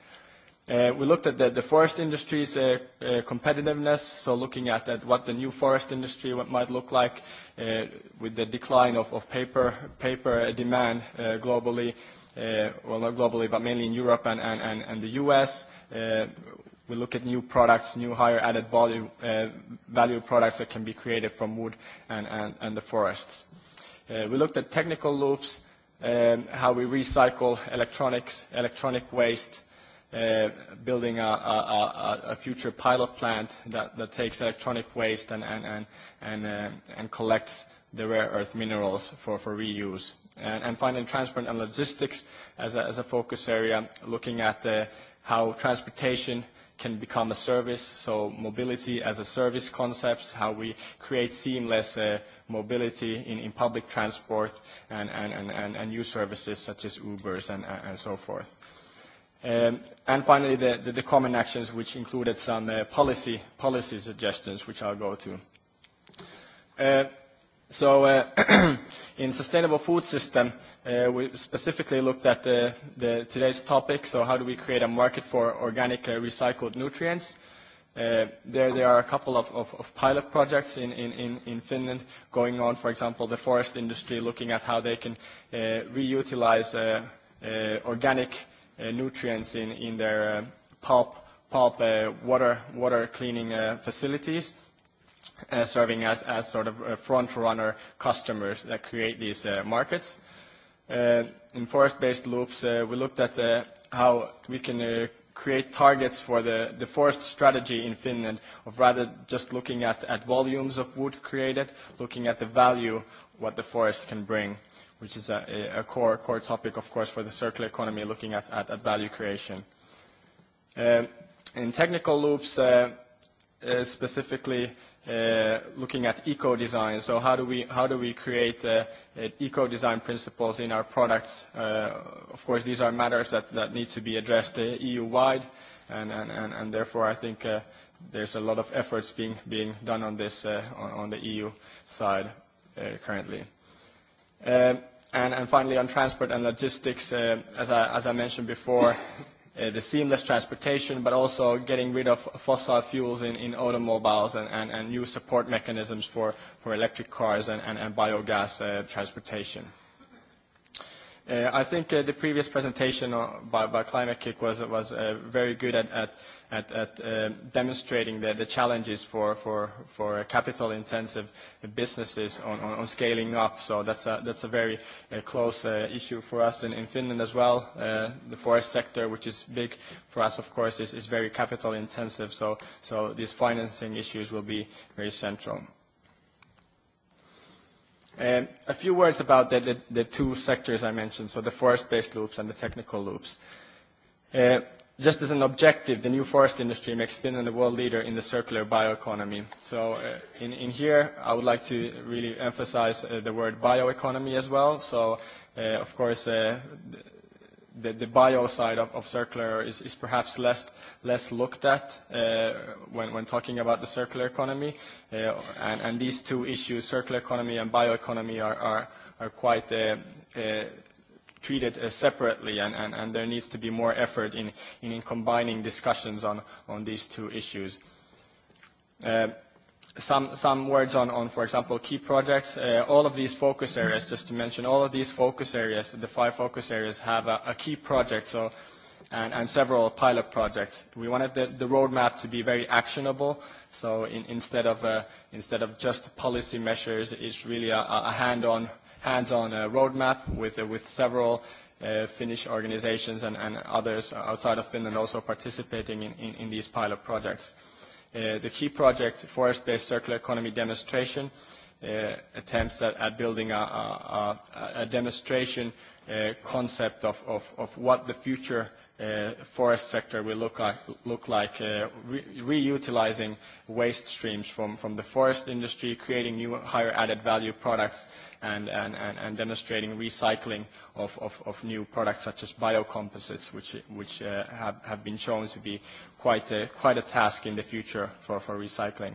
Speaker 5: Uh, we looked at the, the forest industry's uh, uh, competitiveness, so looking at, at what the new forest industry might look like uh, with the decline of, of paper, paper demand uh, globally, uh, uh, well, not globally, but mainly in Europe and, and, and, and the US. Uh, we look at new products, new higher added value, uh, value products that can be created from wood and, and, and the forests. Uh, we looked at technical loops, um, how we recycle electronics, electronic waste, uh, building a, a, a, a future pilot plant that, that takes electronic waste and, and, and, and, um, and collects the rare earth minerals for, for reuse. And, and finally, transport and logistics as a, as a focus area, looking at uh, how transportation can become a service, so mobility as a service concepts, how we create seamless uh, mobility in, in public transport and, and, and, and, and new services such as Ubers and, and so forth. Um, and finally, the, the, the common actions, which included some uh, policy, policy suggestions, which I'll go to. Uh, So uh, in sustainable food system, uh, we specifically looked at the, uh, the, today's topic, so how do we create a market for organic uh, recycled nutrients. Uh, there, there are a couple of, of, of pilot projects in, in, in Finland going on, for example, the forest industry looking at how they can uh, reutilize uh, uh, organic uh, nutrients in, in their uh, pulp, pulp uh, water, water cleaning uh, facilities. Uh, uh, serving as, as sort of uh, front-runner customers that create these uh, markets. Uh, in forest-based loops, uh, we looked at uh, how we can uh, create targets for the, the forest strategy in Finland of rather just looking at, at volumes of wood created, looking at the value what the forest can bring, which is a, a core, core topic, of course, for the circular economy, looking at, at, at value creation. Uh, in technical loops, uh, uh, specifically, uh, looking at eco-design. So how do we, how do we create uh, uh, eco-design principles in our products? Uh, of course, these are matters that, that need to be addressed uh, EU-wide, and, and, and, and therefore I think uh, there's a lot of efforts being, being done on this uh, on, on the EU side uh, currently. Um, and, and finally, on transport and logistics, uh, as, I, as I mentioned before, uh, the seamless transportation, but also getting rid of fossil fuels in, in automobiles and, and, and new support mechanisms for, for electric cars and, and, and biogas uh, transportation. Uh, Uh, I think uh, the previous presentation uh, by, by Climate Kick was, was uh, very good at, at, at, at uh, demonstrating the, the challenges for, for, for uh, capital-intensive businesses on, on, on scaling up. So that's a, that's a very uh, close uh, issue for us in, in Finland as well. Uh, the forest sector, which is big for us, of course, is, is very capital-intensive. So, so these financing issues will be very central. Um, a few words about the, the, the two sectors I mentioned, so the forest-based loops and the technical loops. Uh, just as an objective, the new forest industry makes Finland a world leader in the circular bioeconomy. So uh, in, in here, I would like to really emphasize uh, the word bioeconomy as well. So, uh, of course, uh, the, the bio side of, of circular is, is perhaps less, less looked at uh, when, when talking about the circular economy. Uh, and, and these two issues, circular economy and bioeconomy, are, are, are quite uh, uh, treated uh, separately, and, and, and there needs to be more effort in, in combining discussions on, on these two issues. Uh, some, some words on, on, for example, key projects. Uh, all of these focus areas, just to mention, all of these focus areas, the five focus areas, have a, a key project so, and, and several pilot projects. We wanted the, the roadmap to be very actionable, so in, instead, of, uh, instead of just policy measures, it's really a, a hand-on hands-on uh, roadmap with, uh, with several uh, Finnish organizations and, and others outside of Finland also participating in, in, in these pilot projects. Uh, Uh, the key project, Forest-Based Circular Economy Demonstration, uh, attempts at, at building a, a, a demonstration uh, concept of, of, of what the future uh, forest sector will look like, look like uh, re reutilizing waste streams from, from the forest industry, creating new higher added value products, and, and, and, and demonstrating recycling of, of, of new products such as biocomposites, which, which uh, have, have been shown to be quite a, quite a task in the future for, for recycling.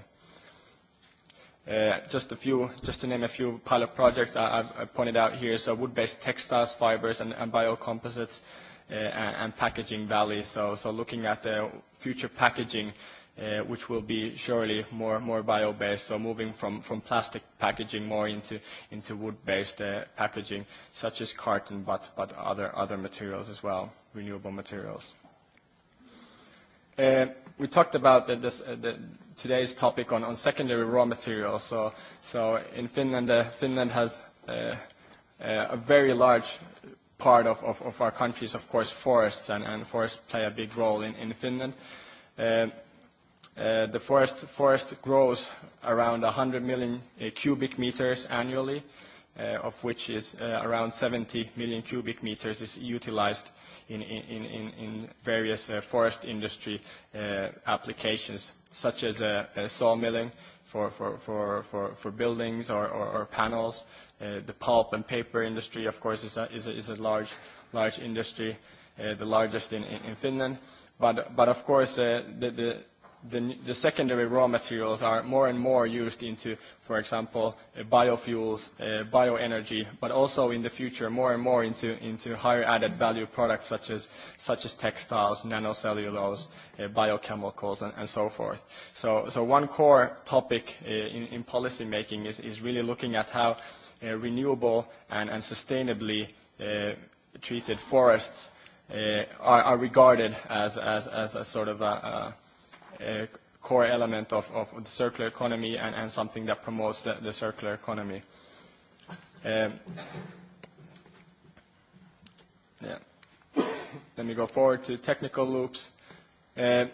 Speaker 5: Uh, just a few, just to name a few pilot projects I, I've I pointed out here, so wood-based textiles, fibers, and, and biocomposites, uh, uh, and packaging valley. So, so looking at the future packaging, uh, which will be surely more, more bio-based, so moving from, from plastic packaging more into, into wood-based uh, packaging, such as carton, but, but other, other materials as well, renewable materials. Uh, we talked about the, this, uh, the, today's topic on, on secondary raw materials. So, so in Finland, uh, Finland has uh, uh, a very large part of, of, of our country is, of course, forests, and, and forests play a big role in, in Finland. Uh, uh, the forest, forest grows around 100 million uh, cubic meters annually, uh, of which is uh, around 70 million cubic meters is utilized in, in, in, in various uh, forest industry uh, applications, such as uh, uh, sawmilling for, for, for, for, for buildings or, or, or panels, uh, Uh, the pulp and paper industry, of course, is a, is a, is a large, large industry, uh, the largest in, in Finland. But, but of course, uh, the, the, the, the secondary raw materials are more and more used into, for example, uh, biofuels, uh, bioenergy, but also in the future more and more into, into higher added value products such as, such as textiles, nanocellulose, uh, biochemicals, and, and so forth. So, so one core topic uh, in, in policy making is, is really looking at how, uh, uh, renewable and, and sustainably uh, treated forests uh, are, are regarded as, as, as a sort of a, a, a core element of, of the circular economy and, and something that promotes the, the circular economy. Um, yeah. Let me go forward to technical loops. Uh,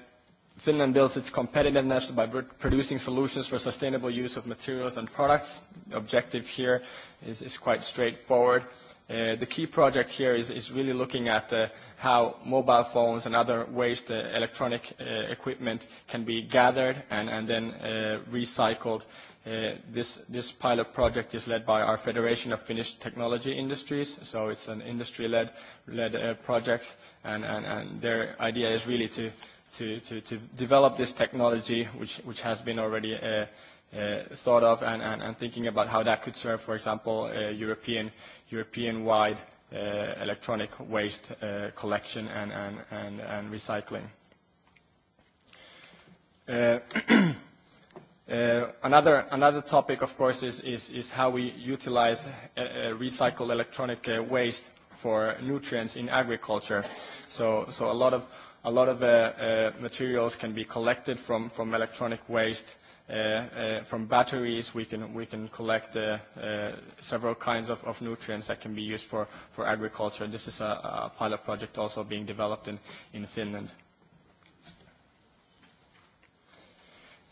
Speaker 5: Finland builds its competitiveness by producing solutions for sustainable use of materials and products. The objective here is, is quite straightforward. Uh, the key project here is, is really looking at uh, how mobile phones and other waste uh, electronic uh, equipment can be gathered and, and then uh, recycled. Uh, this, this pilot project is led by our Federation of Finnish Technology Industries, so it's an industry-led led, uh, project, and, and, and their idea is really to uh, to, to, to develop this technology, which, which has been already uh, uh, thought of and, and, and thinking about how that could serve, for example, uh, European, European-wide uh, electronic waste uh, collection and, and, and, and recycling. Uh, Uh, another, another topic, of course, is, is, is how we utilize uh, uh, recycled electronic uh, waste for nutrients in agriculture. So, so a lot of a lot of the uh, uh, materials can be collected from, from electronic waste. Uh, uh, from batteries, we can, we can collect uh, uh, several kinds of, of nutrients that can be used for, for agriculture. This is a, a pilot project also being developed in, in Finland. Uh,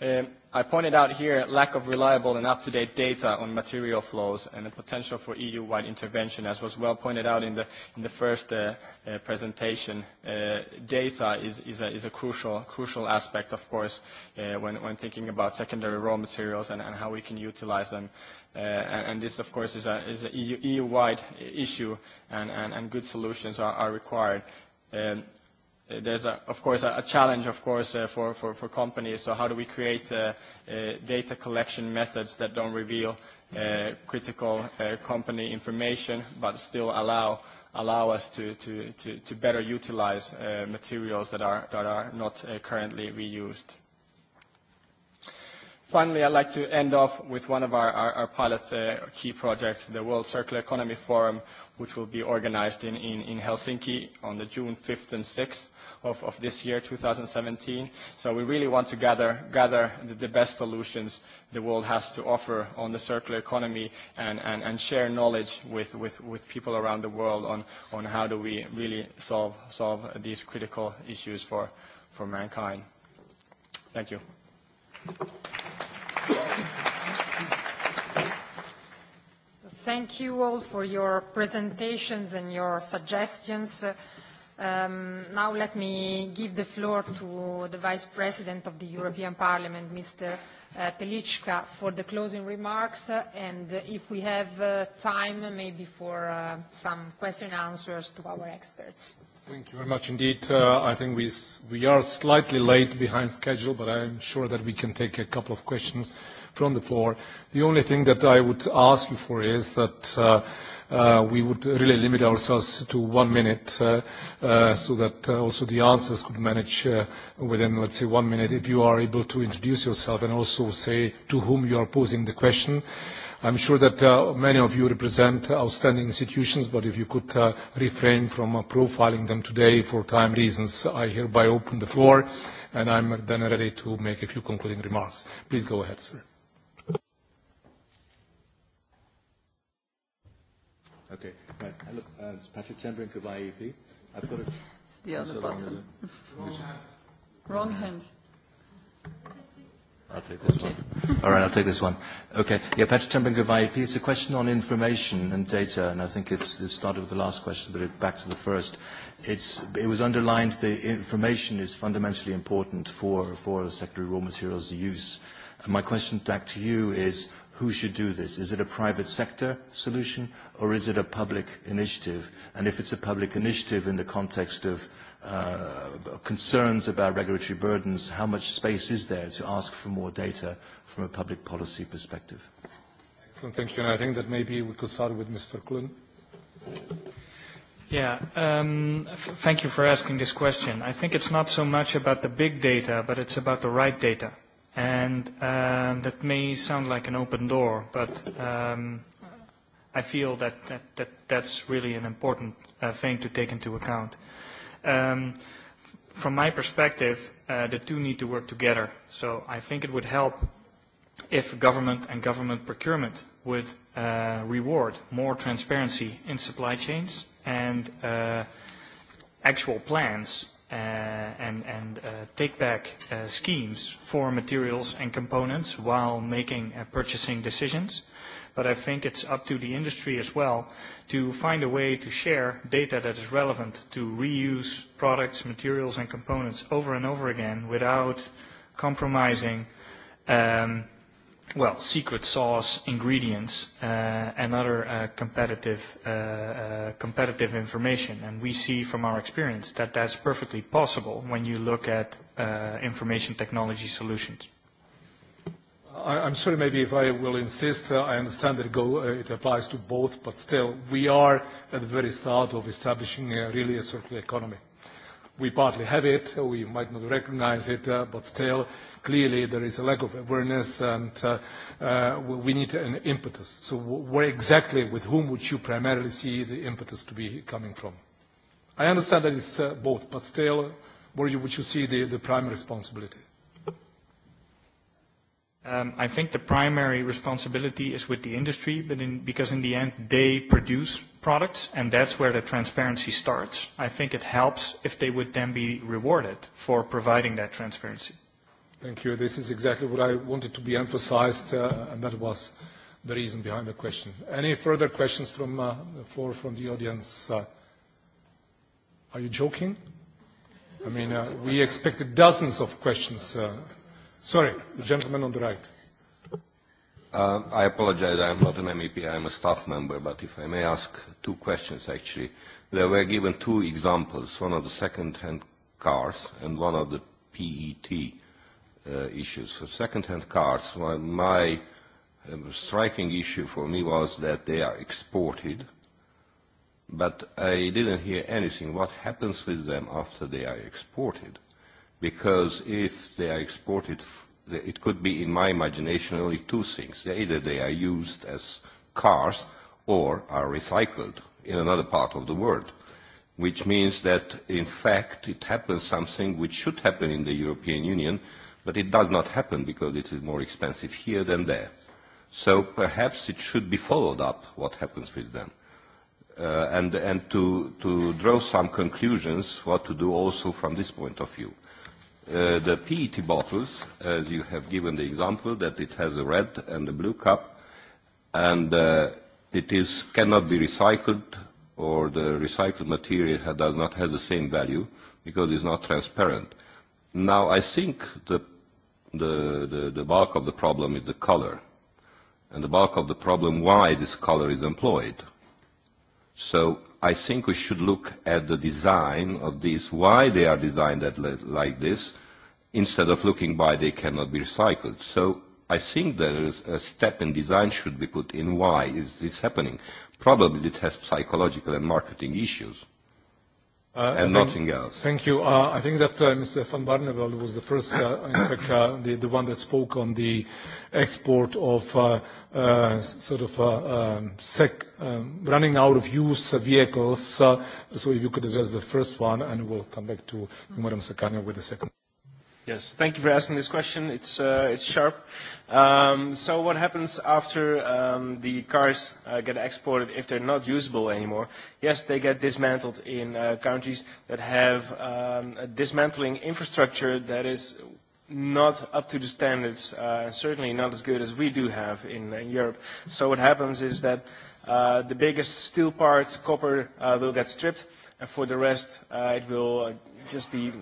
Speaker 5: Um, I pointed out here lack of reliable and up-to-date data on material flows and the potential for EU-wide intervention, as was well pointed out in the, in the first uh, uh, presentation. Uh, data is, is, a, is a crucial, crucial aspect, of course, uh, when, when thinking about secondary raw materials and, and how we can utilize them. Uh, and, and this, of course, is an is a EU, EU-wide issue, and, and, and good solutions are, are required. Um, Uh, there's a, of course a, a challenge of course uh, for, for, for companies so how do we create uh, uh, data collection methods that don't reveal uh, critical uh, company information but still allow allow us to, to, to, to better utilize uh, materials that are, that are not uh, currently reused. Finally, I'd like to end off with one of our, our, our pilot uh, key projects, the World Circular Economy Forum, which will be organized in, in, in Helsinki on the June 5th and 6th of, of this year, 2017. So we really want to gather, gather the, the best solutions the world has to offer on the circular economy and, and, and share knowledge with, with, with people around the world on, on how do we really solve, solve these critical issues for, for mankind. Thank you.
Speaker 1: Thank you all for your presentations and your suggestions. Uh, Um, now let me give the floor to the Vice President of the European Parliament, Mr. Uh, Telichka, for the closing remarks, uh, and uh, if we have uh, time, maybe for uh, some question and answers to our experts.
Speaker 6: Thank you very much indeed. Uh, I think we, we are slightly late behind schedule, but I'm sure that we can take a couple of questions from the floor. The only thing that I would ask you for is that uh, uh, we would really limit ourselves to one minute uh, uh, so that uh, also the answers could manage uh, within, let's say, one minute. If you are able to introduce yourself and also say to whom you are posing the question, I'm sure that uh, many of you represent outstanding institutions, but if you could uh, refrain from uh, profiling them today for time reasons, I hereby open the floor, and I'm then ready to make a few concluding remarks. Please go ahead, sir.
Speaker 7: Okay. Right. Uh, look, uh, it's Patrick Tembrink of IEP. I've got it. It's the other button.
Speaker 4: Wrong hand. Wrong hand.
Speaker 7: I'll take this okay. one. All right, I'll take this one. Okay. Yeah, Patrick Tembrink of IEP. It's a question on information and data, and I think it's, it started with the last question, but it back to the first. It's, it was underlined that information is fundamentally important for, for secondary raw materials use. And my question back to you is, who should do this? Is it a private sector solution or is it a public initiative? And if it's a public initiative in the context of uh, concerns about regulatory burdens, how much space is there to ask for more data from a public policy perspective?
Speaker 6: Excellent, thank you. And I think that maybe we could start with Ms. Verkulen.
Speaker 2: Yeah, um, thank you for asking this question. I think it's not so much about the big data, but it's about the right data. And um, that may sound like an open door, but um, I feel that, that, that that's really an important uh, thing to take into account. Um, from my perspective, uh, the two need to work together. So I think it would help if government and government procurement would uh, reward more transparency in supply chains and uh, actual plans uh, and, and uh, take-back uh, schemes for materials and components while making uh, purchasing decisions. But I think it's up to the industry as well to find a way to share data that is relevant to reuse products, materials, and components over and over again without compromising um, well, secret sauce, ingredients, uh, and other uh, competitive, uh, uh, competitive information. And we see from our experience that that's perfectly possible when you look at uh, information technology solutions.
Speaker 6: I, I'm sorry, maybe if I will insist, uh, I understand that go, uh, it applies to both, but still, we are at the very start of establishing uh, really a circular economy. Uh, We partly have it, we might not recognize it, uh, but still, clearly there is a lack of awareness and uh, uh, we need an impetus. So where exactly, with whom would you primarily see the impetus to be coming from? I understand that it's uh, both, but still, where you, would you see the, the prime responsibility?
Speaker 2: Um, I think the primary responsibility is with the industry, but in, because in the end they produce products, and that's where the transparency starts. I think it helps if they would then be rewarded for providing that transparency.
Speaker 6: Thank you. This is exactly what I wanted to be emphasized, uh, and that was the reason behind the question. Any further questions from uh, the floor, from the audience? Uh, are you joking? I mean, uh, we expected dozens of questions. Uh, sorry, the gentleman on the right.
Speaker 8: Uh, I apologize, I am not an MEP, I am a staff member, but if I may ask two questions actually. There were given two examples, one of the second-hand cars and one of the PET uh, issues. For second-hand cars, my, my um, uh, striking issue for me was that they are exported, but I didn't hear anything. What happens with them after they are exported? Because if they are exported it could be, in my imagination, only two things. Either they are used as cars or are recycled in another part of the world, which means that, in fact, it happens something which should happen in the European Union, but it does not happen because it is more expensive here than there. So perhaps it should be followed up what happens with them. Uh, and and to, to draw some conclusions what to do also from this point of view. Uh, Uh, the PET bottles, as you have given the example, that it has a red and a blue cap, and uh, it is, cannot be recycled, or the recycled material does not have the same value because it's not transparent. Now, I think the, the, the, the bulk of the problem is the color, and the bulk of the problem why this color is employed. So I think we should look at the design of these, why they are designed at, like this, instead of looking why they cannot be recycled. So I think there is a step in design should be put in why is this happening. Probably it has psychological and marketing issues.
Speaker 6: Uh, and think, nothing else. Thank you. Uh, I think that uh, Mr. van Barneveld was the first, uh, in fact, uh, the, the one that spoke on the export of uh, uh, sort of uh, um, sec, um, running out of use vehicles. Uh, so if you could address the first one, and we'll come back to you, Madam Sakanya, with the second.
Speaker 3: Yes, thank you for asking this question. It's uh, it's sharp. Um, so what happens after um, the cars uh, get exported if they're not usable anymore? Yes, they get dismantled in uh, countries that have um, a dismantling infrastructure that is not up to the standards, uh, certainly not as good as we do have in, in Europe. So what happens is that uh, the biggest steel parts, copper, uh, will get stripped, and for the rest, uh, it will uh, just be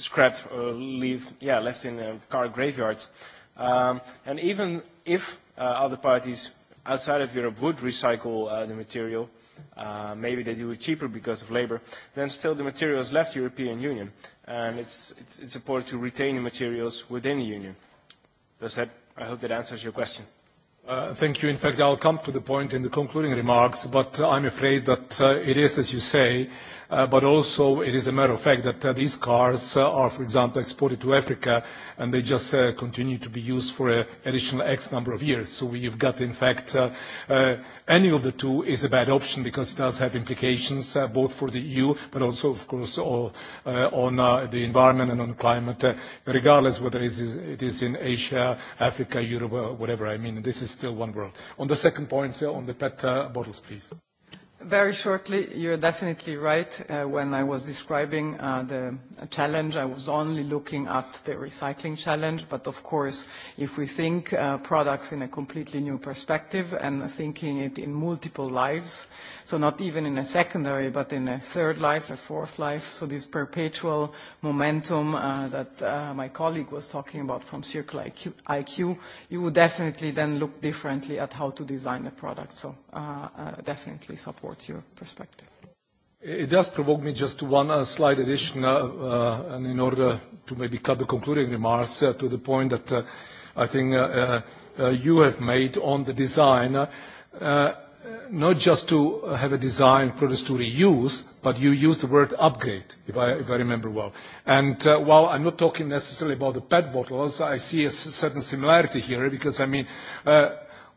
Speaker 3: scrap uh, leave, yeah, left in uh, car graveyards. Um, and even if uh, other parties outside of Europe would recycle uh, the material, uh, maybe they do it cheaper because of labor, then still the materials left the European Union. And it's, it's, it's important to retain the materials within the Union. Does that, I hope that answers your question.
Speaker 6: Uh, thank you. In fact, I'll come to the point in the concluding remarks, but I'm afraid that uh, it is, as you say, uh, but also it is a matter of fact that uh, these cars uh, are, for example, exported to Africa, and they just uh, continue to be used for an additional X number of years. So you've got, in fact, uh, uh, any of the two is a bad option because it does have implications uh, both for the EU, but also, of course, all, uh, on uh, the environment and on climate, uh, regardless whether it is, it is in Asia, Africa, Europe, or whatever. I mean, this is is still one world. On the second point, uh, on the PET uh, bottles, please.
Speaker 4: Very shortly, you're definitely right. Uh, when I was describing uh, the challenge, I was only looking at the recycling challenge. But of course, if we think uh, products in a completely new perspective and thinking it in multiple lives, so not even in a secondary, but in a third life, a fourth life, so this perpetual momentum uh, that uh, my colleague was talking about from Circular IQ, IQ, you would definitely then look differently at how to design the product. So uh, uh, definitely support your perspective.
Speaker 6: It does provoke me just one uh, slight addition, uh, uh, and in order to maybe cut the concluding remarks uh, to the point that uh, I think uh, uh, uh you have made on the design, uh, uh not just to have a design products to reuse, but you used the word upgrade, if I, if I remember well. And uh, while I'm not talking necessarily about the PET bottles, I see a certain similarity here because, I mean, uh,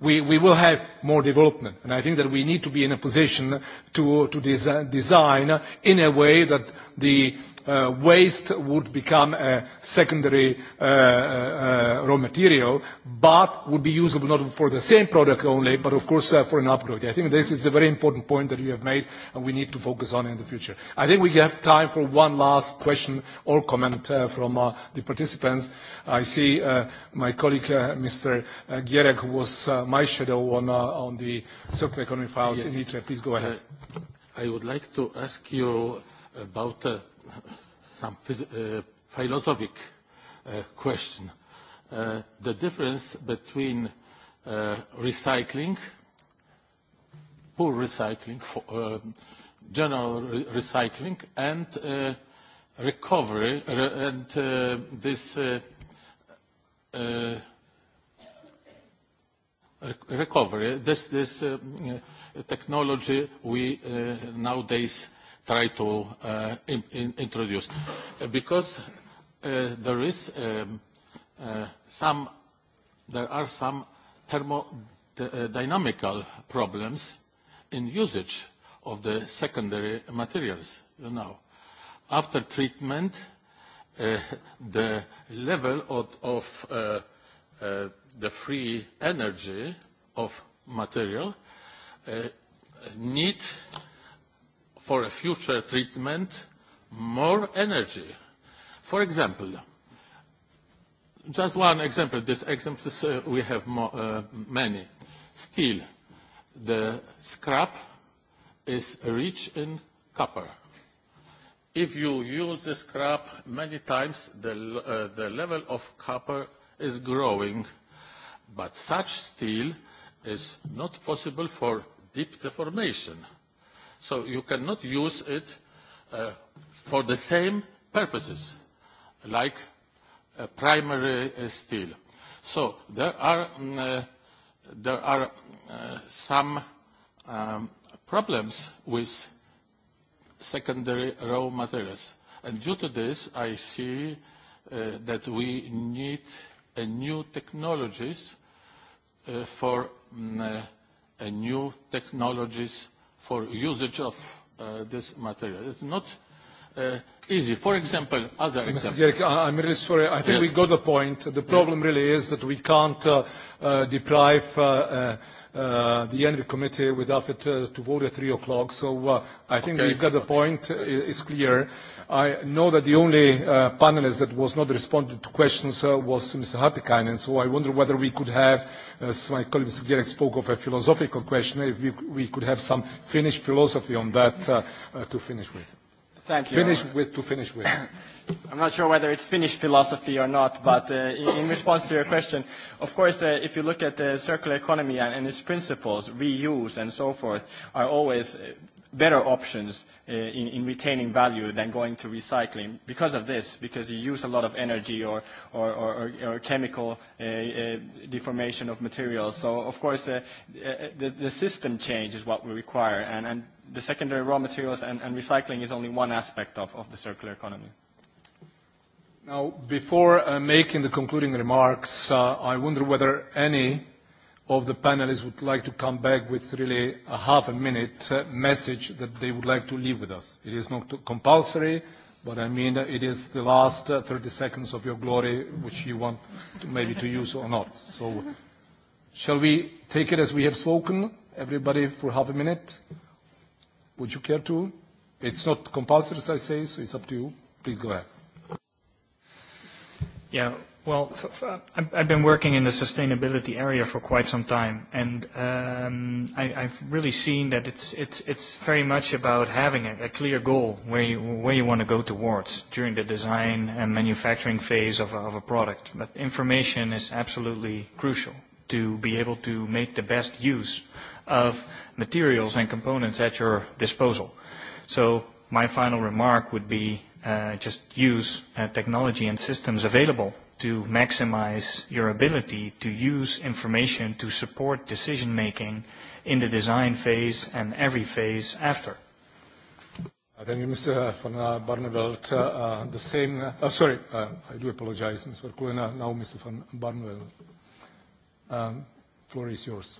Speaker 6: we, we will have more development. And I think that we need to be in a position to, to des design in a way that the uh, waste would become a secondary uh, uh, uh, raw material, but would be usable not for the same product only, but of course uh, for an upgrade. I think this is a very important point that you have made, and we need to focus on in the future. I think we have time for one last question or comment uh, from uh, the participants. I see uh, my colleague, uh, Mr. Uh, Gierek, who was uh, my shadow on, uh, on the
Speaker 7: circular economy files yes. in ITRE. Please go ahead. Uh, I would like to ask you about uh, some phys- uh, philosophic uh, question. Uh, the difference between uh, recycling, poor recycling, for, uh, general re- recycling, and uh, recovery, re- uh, and uh, this uh, uh, recovery, this, this uh, technology we uh, nowadays uh, try to uh, in, in introduce. Uh, because uh, there is um, uh, some, there are some thermodynamical uh, problems in usage of the secondary materials, you know. After treatment, uh, the level of, of uh, uh, the free energy of material uh, need uh, for a future treatment more energy. For example, just one example. These examples uh, we have more, uh, many. Steel, the scrap is rich in copper. If you use the scrap many times, the, uh, the level of copper is growing, but such steel is not possible for deep deformation So you cannot use it uh, for the same purposes, like uh, primary uh, steel. So there are, um, uh, there are uh, some um, problems with secondary raw materials. And due to this, I see uh, that we need a new technologies uh, for um, uh, a new technologies for usage of uh, this material. It's not uh, easy. For example, other Mr. example.
Speaker 6: Gerek, I'm really sorry. I think yes. we got the point. The problem yes. really is that we can't uh, uh, deprive uh, uh, uh, the Envy Committee with AFET uh, to vote at 3 o'clock, so uh, I think okay. we've got the point. Uh, It's clear. I know that the only uh, panelist that was not responding to questions uh, was Mr. Hartikainen, so I wonder whether we could have, as my colleague Mr. Gerek spoke of a philosophical question, if we, we could have some Finnish philosophy on that uh, uh, to finish with.
Speaker 5: Thank you. Finish with, to finish with. I'm not sure whether it's Finnish philosophy or not, but uh, in, in response to your question, of course, uh, if you look at the circular economy and, and its principles, reuse and so forth, are always uh, better options uh, in, in retaining value than going to recycling because of this, because you use a lot of energy or, or, or, or chemical uh, uh, deformation of materials. So, of course, uh, uh, the, the system change is what we require, and, and the secondary raw materials and, and recycling is only one aspect of, of the circular economy.
Speaker 6: Now, before uh, making the concluding remarks, uh, I wonder whether any of the panelists would like to come back with really a half a minute uh, message that they would like to leave with us. It is not compulsory, but I mean uh, it is the last uh, 30 seconds of your glory which you want to maybe to use or not. So shall we take it as we have spoken, everybody, for half a minute? Mm-hmm. Would you care to? It's not compulsory, as I
Speaker 2: say, so it's up to you. Please go ahead. Yeah. Well, f- f- uh, I've been working in the sustainability area for quite some time, and um, I, I've really seen that it's it's it's very much about having a, a clear goal where you where you want to go towards during the design and manufacturing phase of a, of a product. But information is absolutely crucial to be able to make the best use of materials and components at your disposal. So my final remark would be uh, just use uh, technology and systems available to maximize your ability to use information to support decision making in the design phase and every phase after. Uh, thank you, Mr. Uh, von
Speaker 6: uh, Barneveld. Uh, the same, uh, oh, sorry, uh, I do apologize, Mr. Kulena. Now, Mr.
Speaker 3: von Barneveld.
Speaker 6: Um, floor is yours.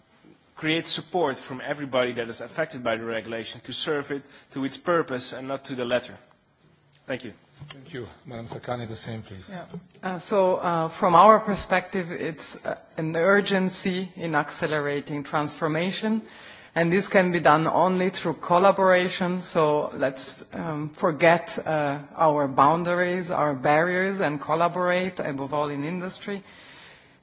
Speaker 3: create support from everybody that is affected by the regulation to serve it to its purpose and not to the letter. Thank you. Thank you. Madam Sakani, the same, please.
Speaker 4: Yeah. Uh, so uh, from our perspective, it's uh, an urgency in accelerating transformation, and this can be done only through collaboration. So let's um, forget uh, our boundaries, our barriers, and collaborate, above all in industry. Uh,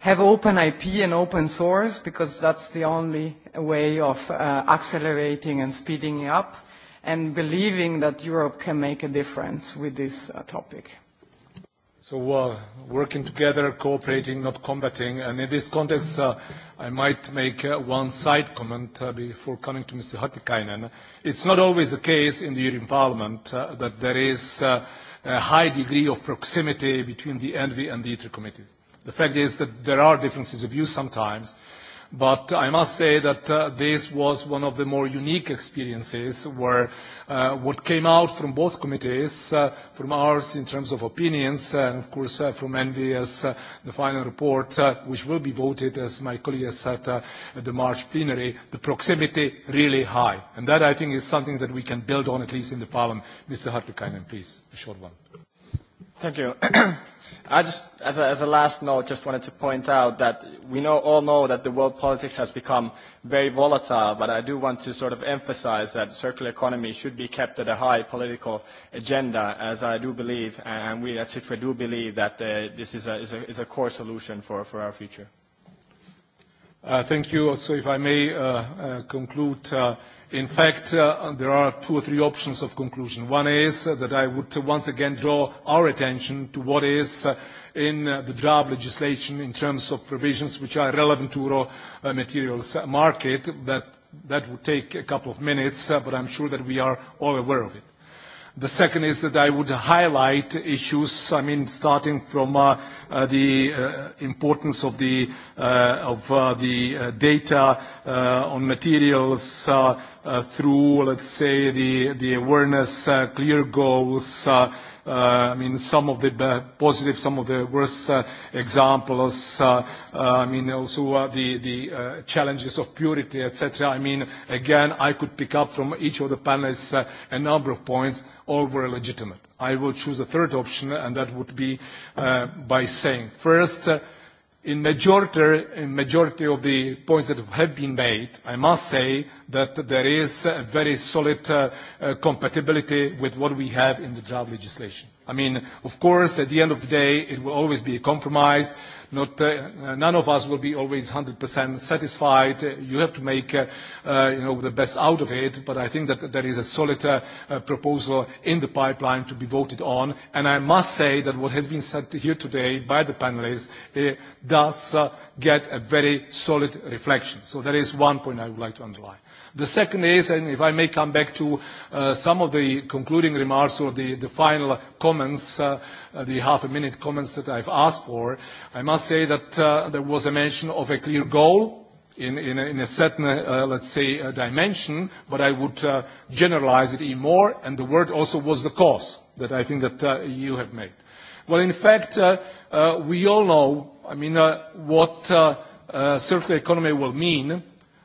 Speaker 4: have open IP and open source because that's the only way of uh, accelerating and speeding up and believing that Europe can make a difference with this uh, topic.
Speaker 6: So uh, working together, cooperating, not combating. And in this context, uh, I might make uh, one side comment uh, before coming to Mr. Hattikainen. It's not always the case in the European Parliament uh, that there is uh, a high degree of proximity between the ENVI and the ITRE committees. The fact is that there are differences of view sometimes, but I must say that uh, this was one of the more unique experiences where uh, what came out from both committees, uh, from ours in terms of opinions, uh, and of course uh, from Envy as uh, the final report, uh, which will be voted, as my colleague has said, uh, at the March plenary, the proximity really high. And that, I think, is something that we can build on, at least in the Parliament. Mr. Hartikainen, please, a short
Speaker 7: one.
Speaker 5: Thank you. I just, as a, as a last note, just wanted to point out that we know, all know that the world politics has become very volatile, but I do want to sort of emphasize that circular economy should be kept at a high political agenda, as I do believe, and we at Citra do believe that uh, this is a, is, a, is a core solution for, for our future.
Speaker 6: Uh, thank you. Also, if I may uh, uh, conclude, uh, In fact, uh, there are two or three options of conclusion. One is uh, that I would uh, once again draw our attention to what is uh, in uh, the draft legislation in terms of provisions which are relevant to raw uh, materials market. That, that would take a couple of minutes, uh, but I'm sure that we are all aware of it. The second is that I would highlight issues, I mean, starting from uh, uh, the uh, importance of the, uh, of, uh, the uh, data uh, on materials uh, uh, through, let's say, the, the awareness, uh, clear goals, uh, uh, I mean, some of the uh, positive, some of the worst uh, examples, uh, uh, I mean, also uh, the, the uh, challenges of purity, etc. I mean, again, I could pick up from each of the panelists uh, a number of points, all were legitimate. I will choose a third option, and that would be uh, by saying, first, uh, In majority, in majority of the points that have been made, I must say that there is a very solid uh, uh, compatibility with what we have in the draft legislation. I mean, of course, at the end of the day, it will always be a compromise. Not, uh, uh none of us will be always 100% satisfied. You have to make, uh, uh, you know, the best out of it, but I think that there is a solid uh, uh, proposal in the pipeline to be voted on. And I must say that what has been said here today by the panelists uh, does uh, get a very solid reflection. So that is one point I would like to underline. The second is, and if I may come back to uh, some of the concluding remarks or the, the final comments, uh, uh, the half a minute comments that I've asked for, I must say that uh, there was a mention of a clear goal in, in, a, in a certain, uh, let's say, uh, dimension, but I would uh, generalize it even more, and the word also was the cause that I think that uh, you have made. Well, in fact, uh, uh, we all know, I mean, uh, what uh, uh, circular economy will mean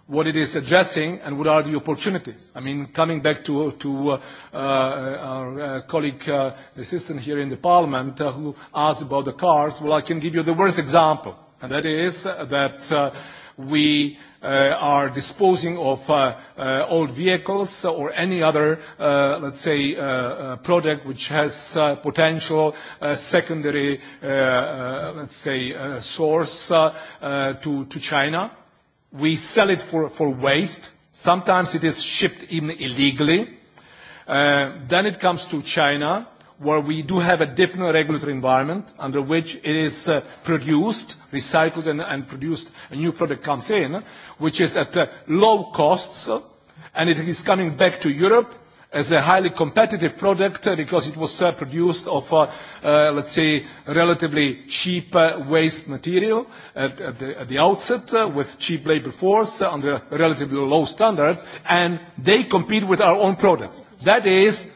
Speaker 6: what it is addressing and what are the opportunities. I mean, coming back to, to uh, uh, our uh, colleague uh, assistant here in the parliament uh, who asked about the cars, well, I can give you the worst example, and that is uh, that uh, we uh, are disposing of uh, uh, old vehicles or any other, uh, let's say, uh, uh, product which has uh, potential uh, secondary, uh, uh, let's say, uh, source uh, uh, to, to China We sell it for, for waste. Sometimes it is shipped in illegally. Uh, then it comes to China, where we do have a different regulatory environment under which it is uh, produced, recycled and, and produced, a new product comes in, which is at uh, low costs, and it is coming back to Europe as a highly competitive product uh, because it was uh, produced of, uh, uh, let's say, relatively cheap uh, waste material at, at, the, at the outset uh, with cheap labor force uh, under relatively low standards, and they compete with our own products. That is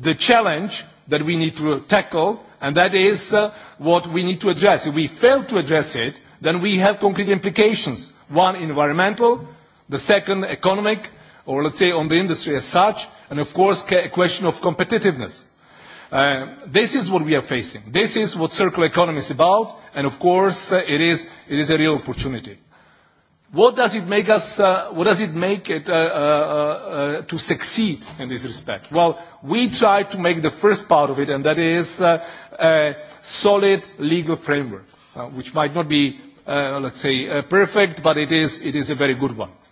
Speaker 6: the challenge that we need to tackle, and that is uh, what we need to address. If we fail to address it, then we have concrete implications. One, environmental, the second, economic, or let's say on the industry as such, and of course a question of competitiveness. Uh, this is what we are facing. This is what circular economy is about, and of course uh, it, is, it is a real opportunity. What does it make us, uh, what does it make it uh, uh, uh, uh, to succeed in this respect? Well, we try to make the first part of it, and that is uh, a solid legal framework, uh, which might not be, uh, let's say, uh, perfect, but it is, it is a very good one. Uh,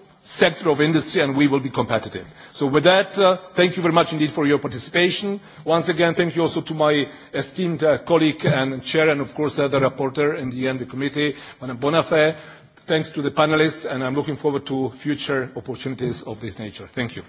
Speaker 6: sector of industry and we will be competitive. So with that, uh, thank you very much indeed for your participation. Once again, thank you also to my esteemed uh, colleague and chair and of course uh, the rapporteur in the end, the committee, Madame Bonafé. Thanks to the panelists and I'm looking forward to future opportunities of this nature. Thank you.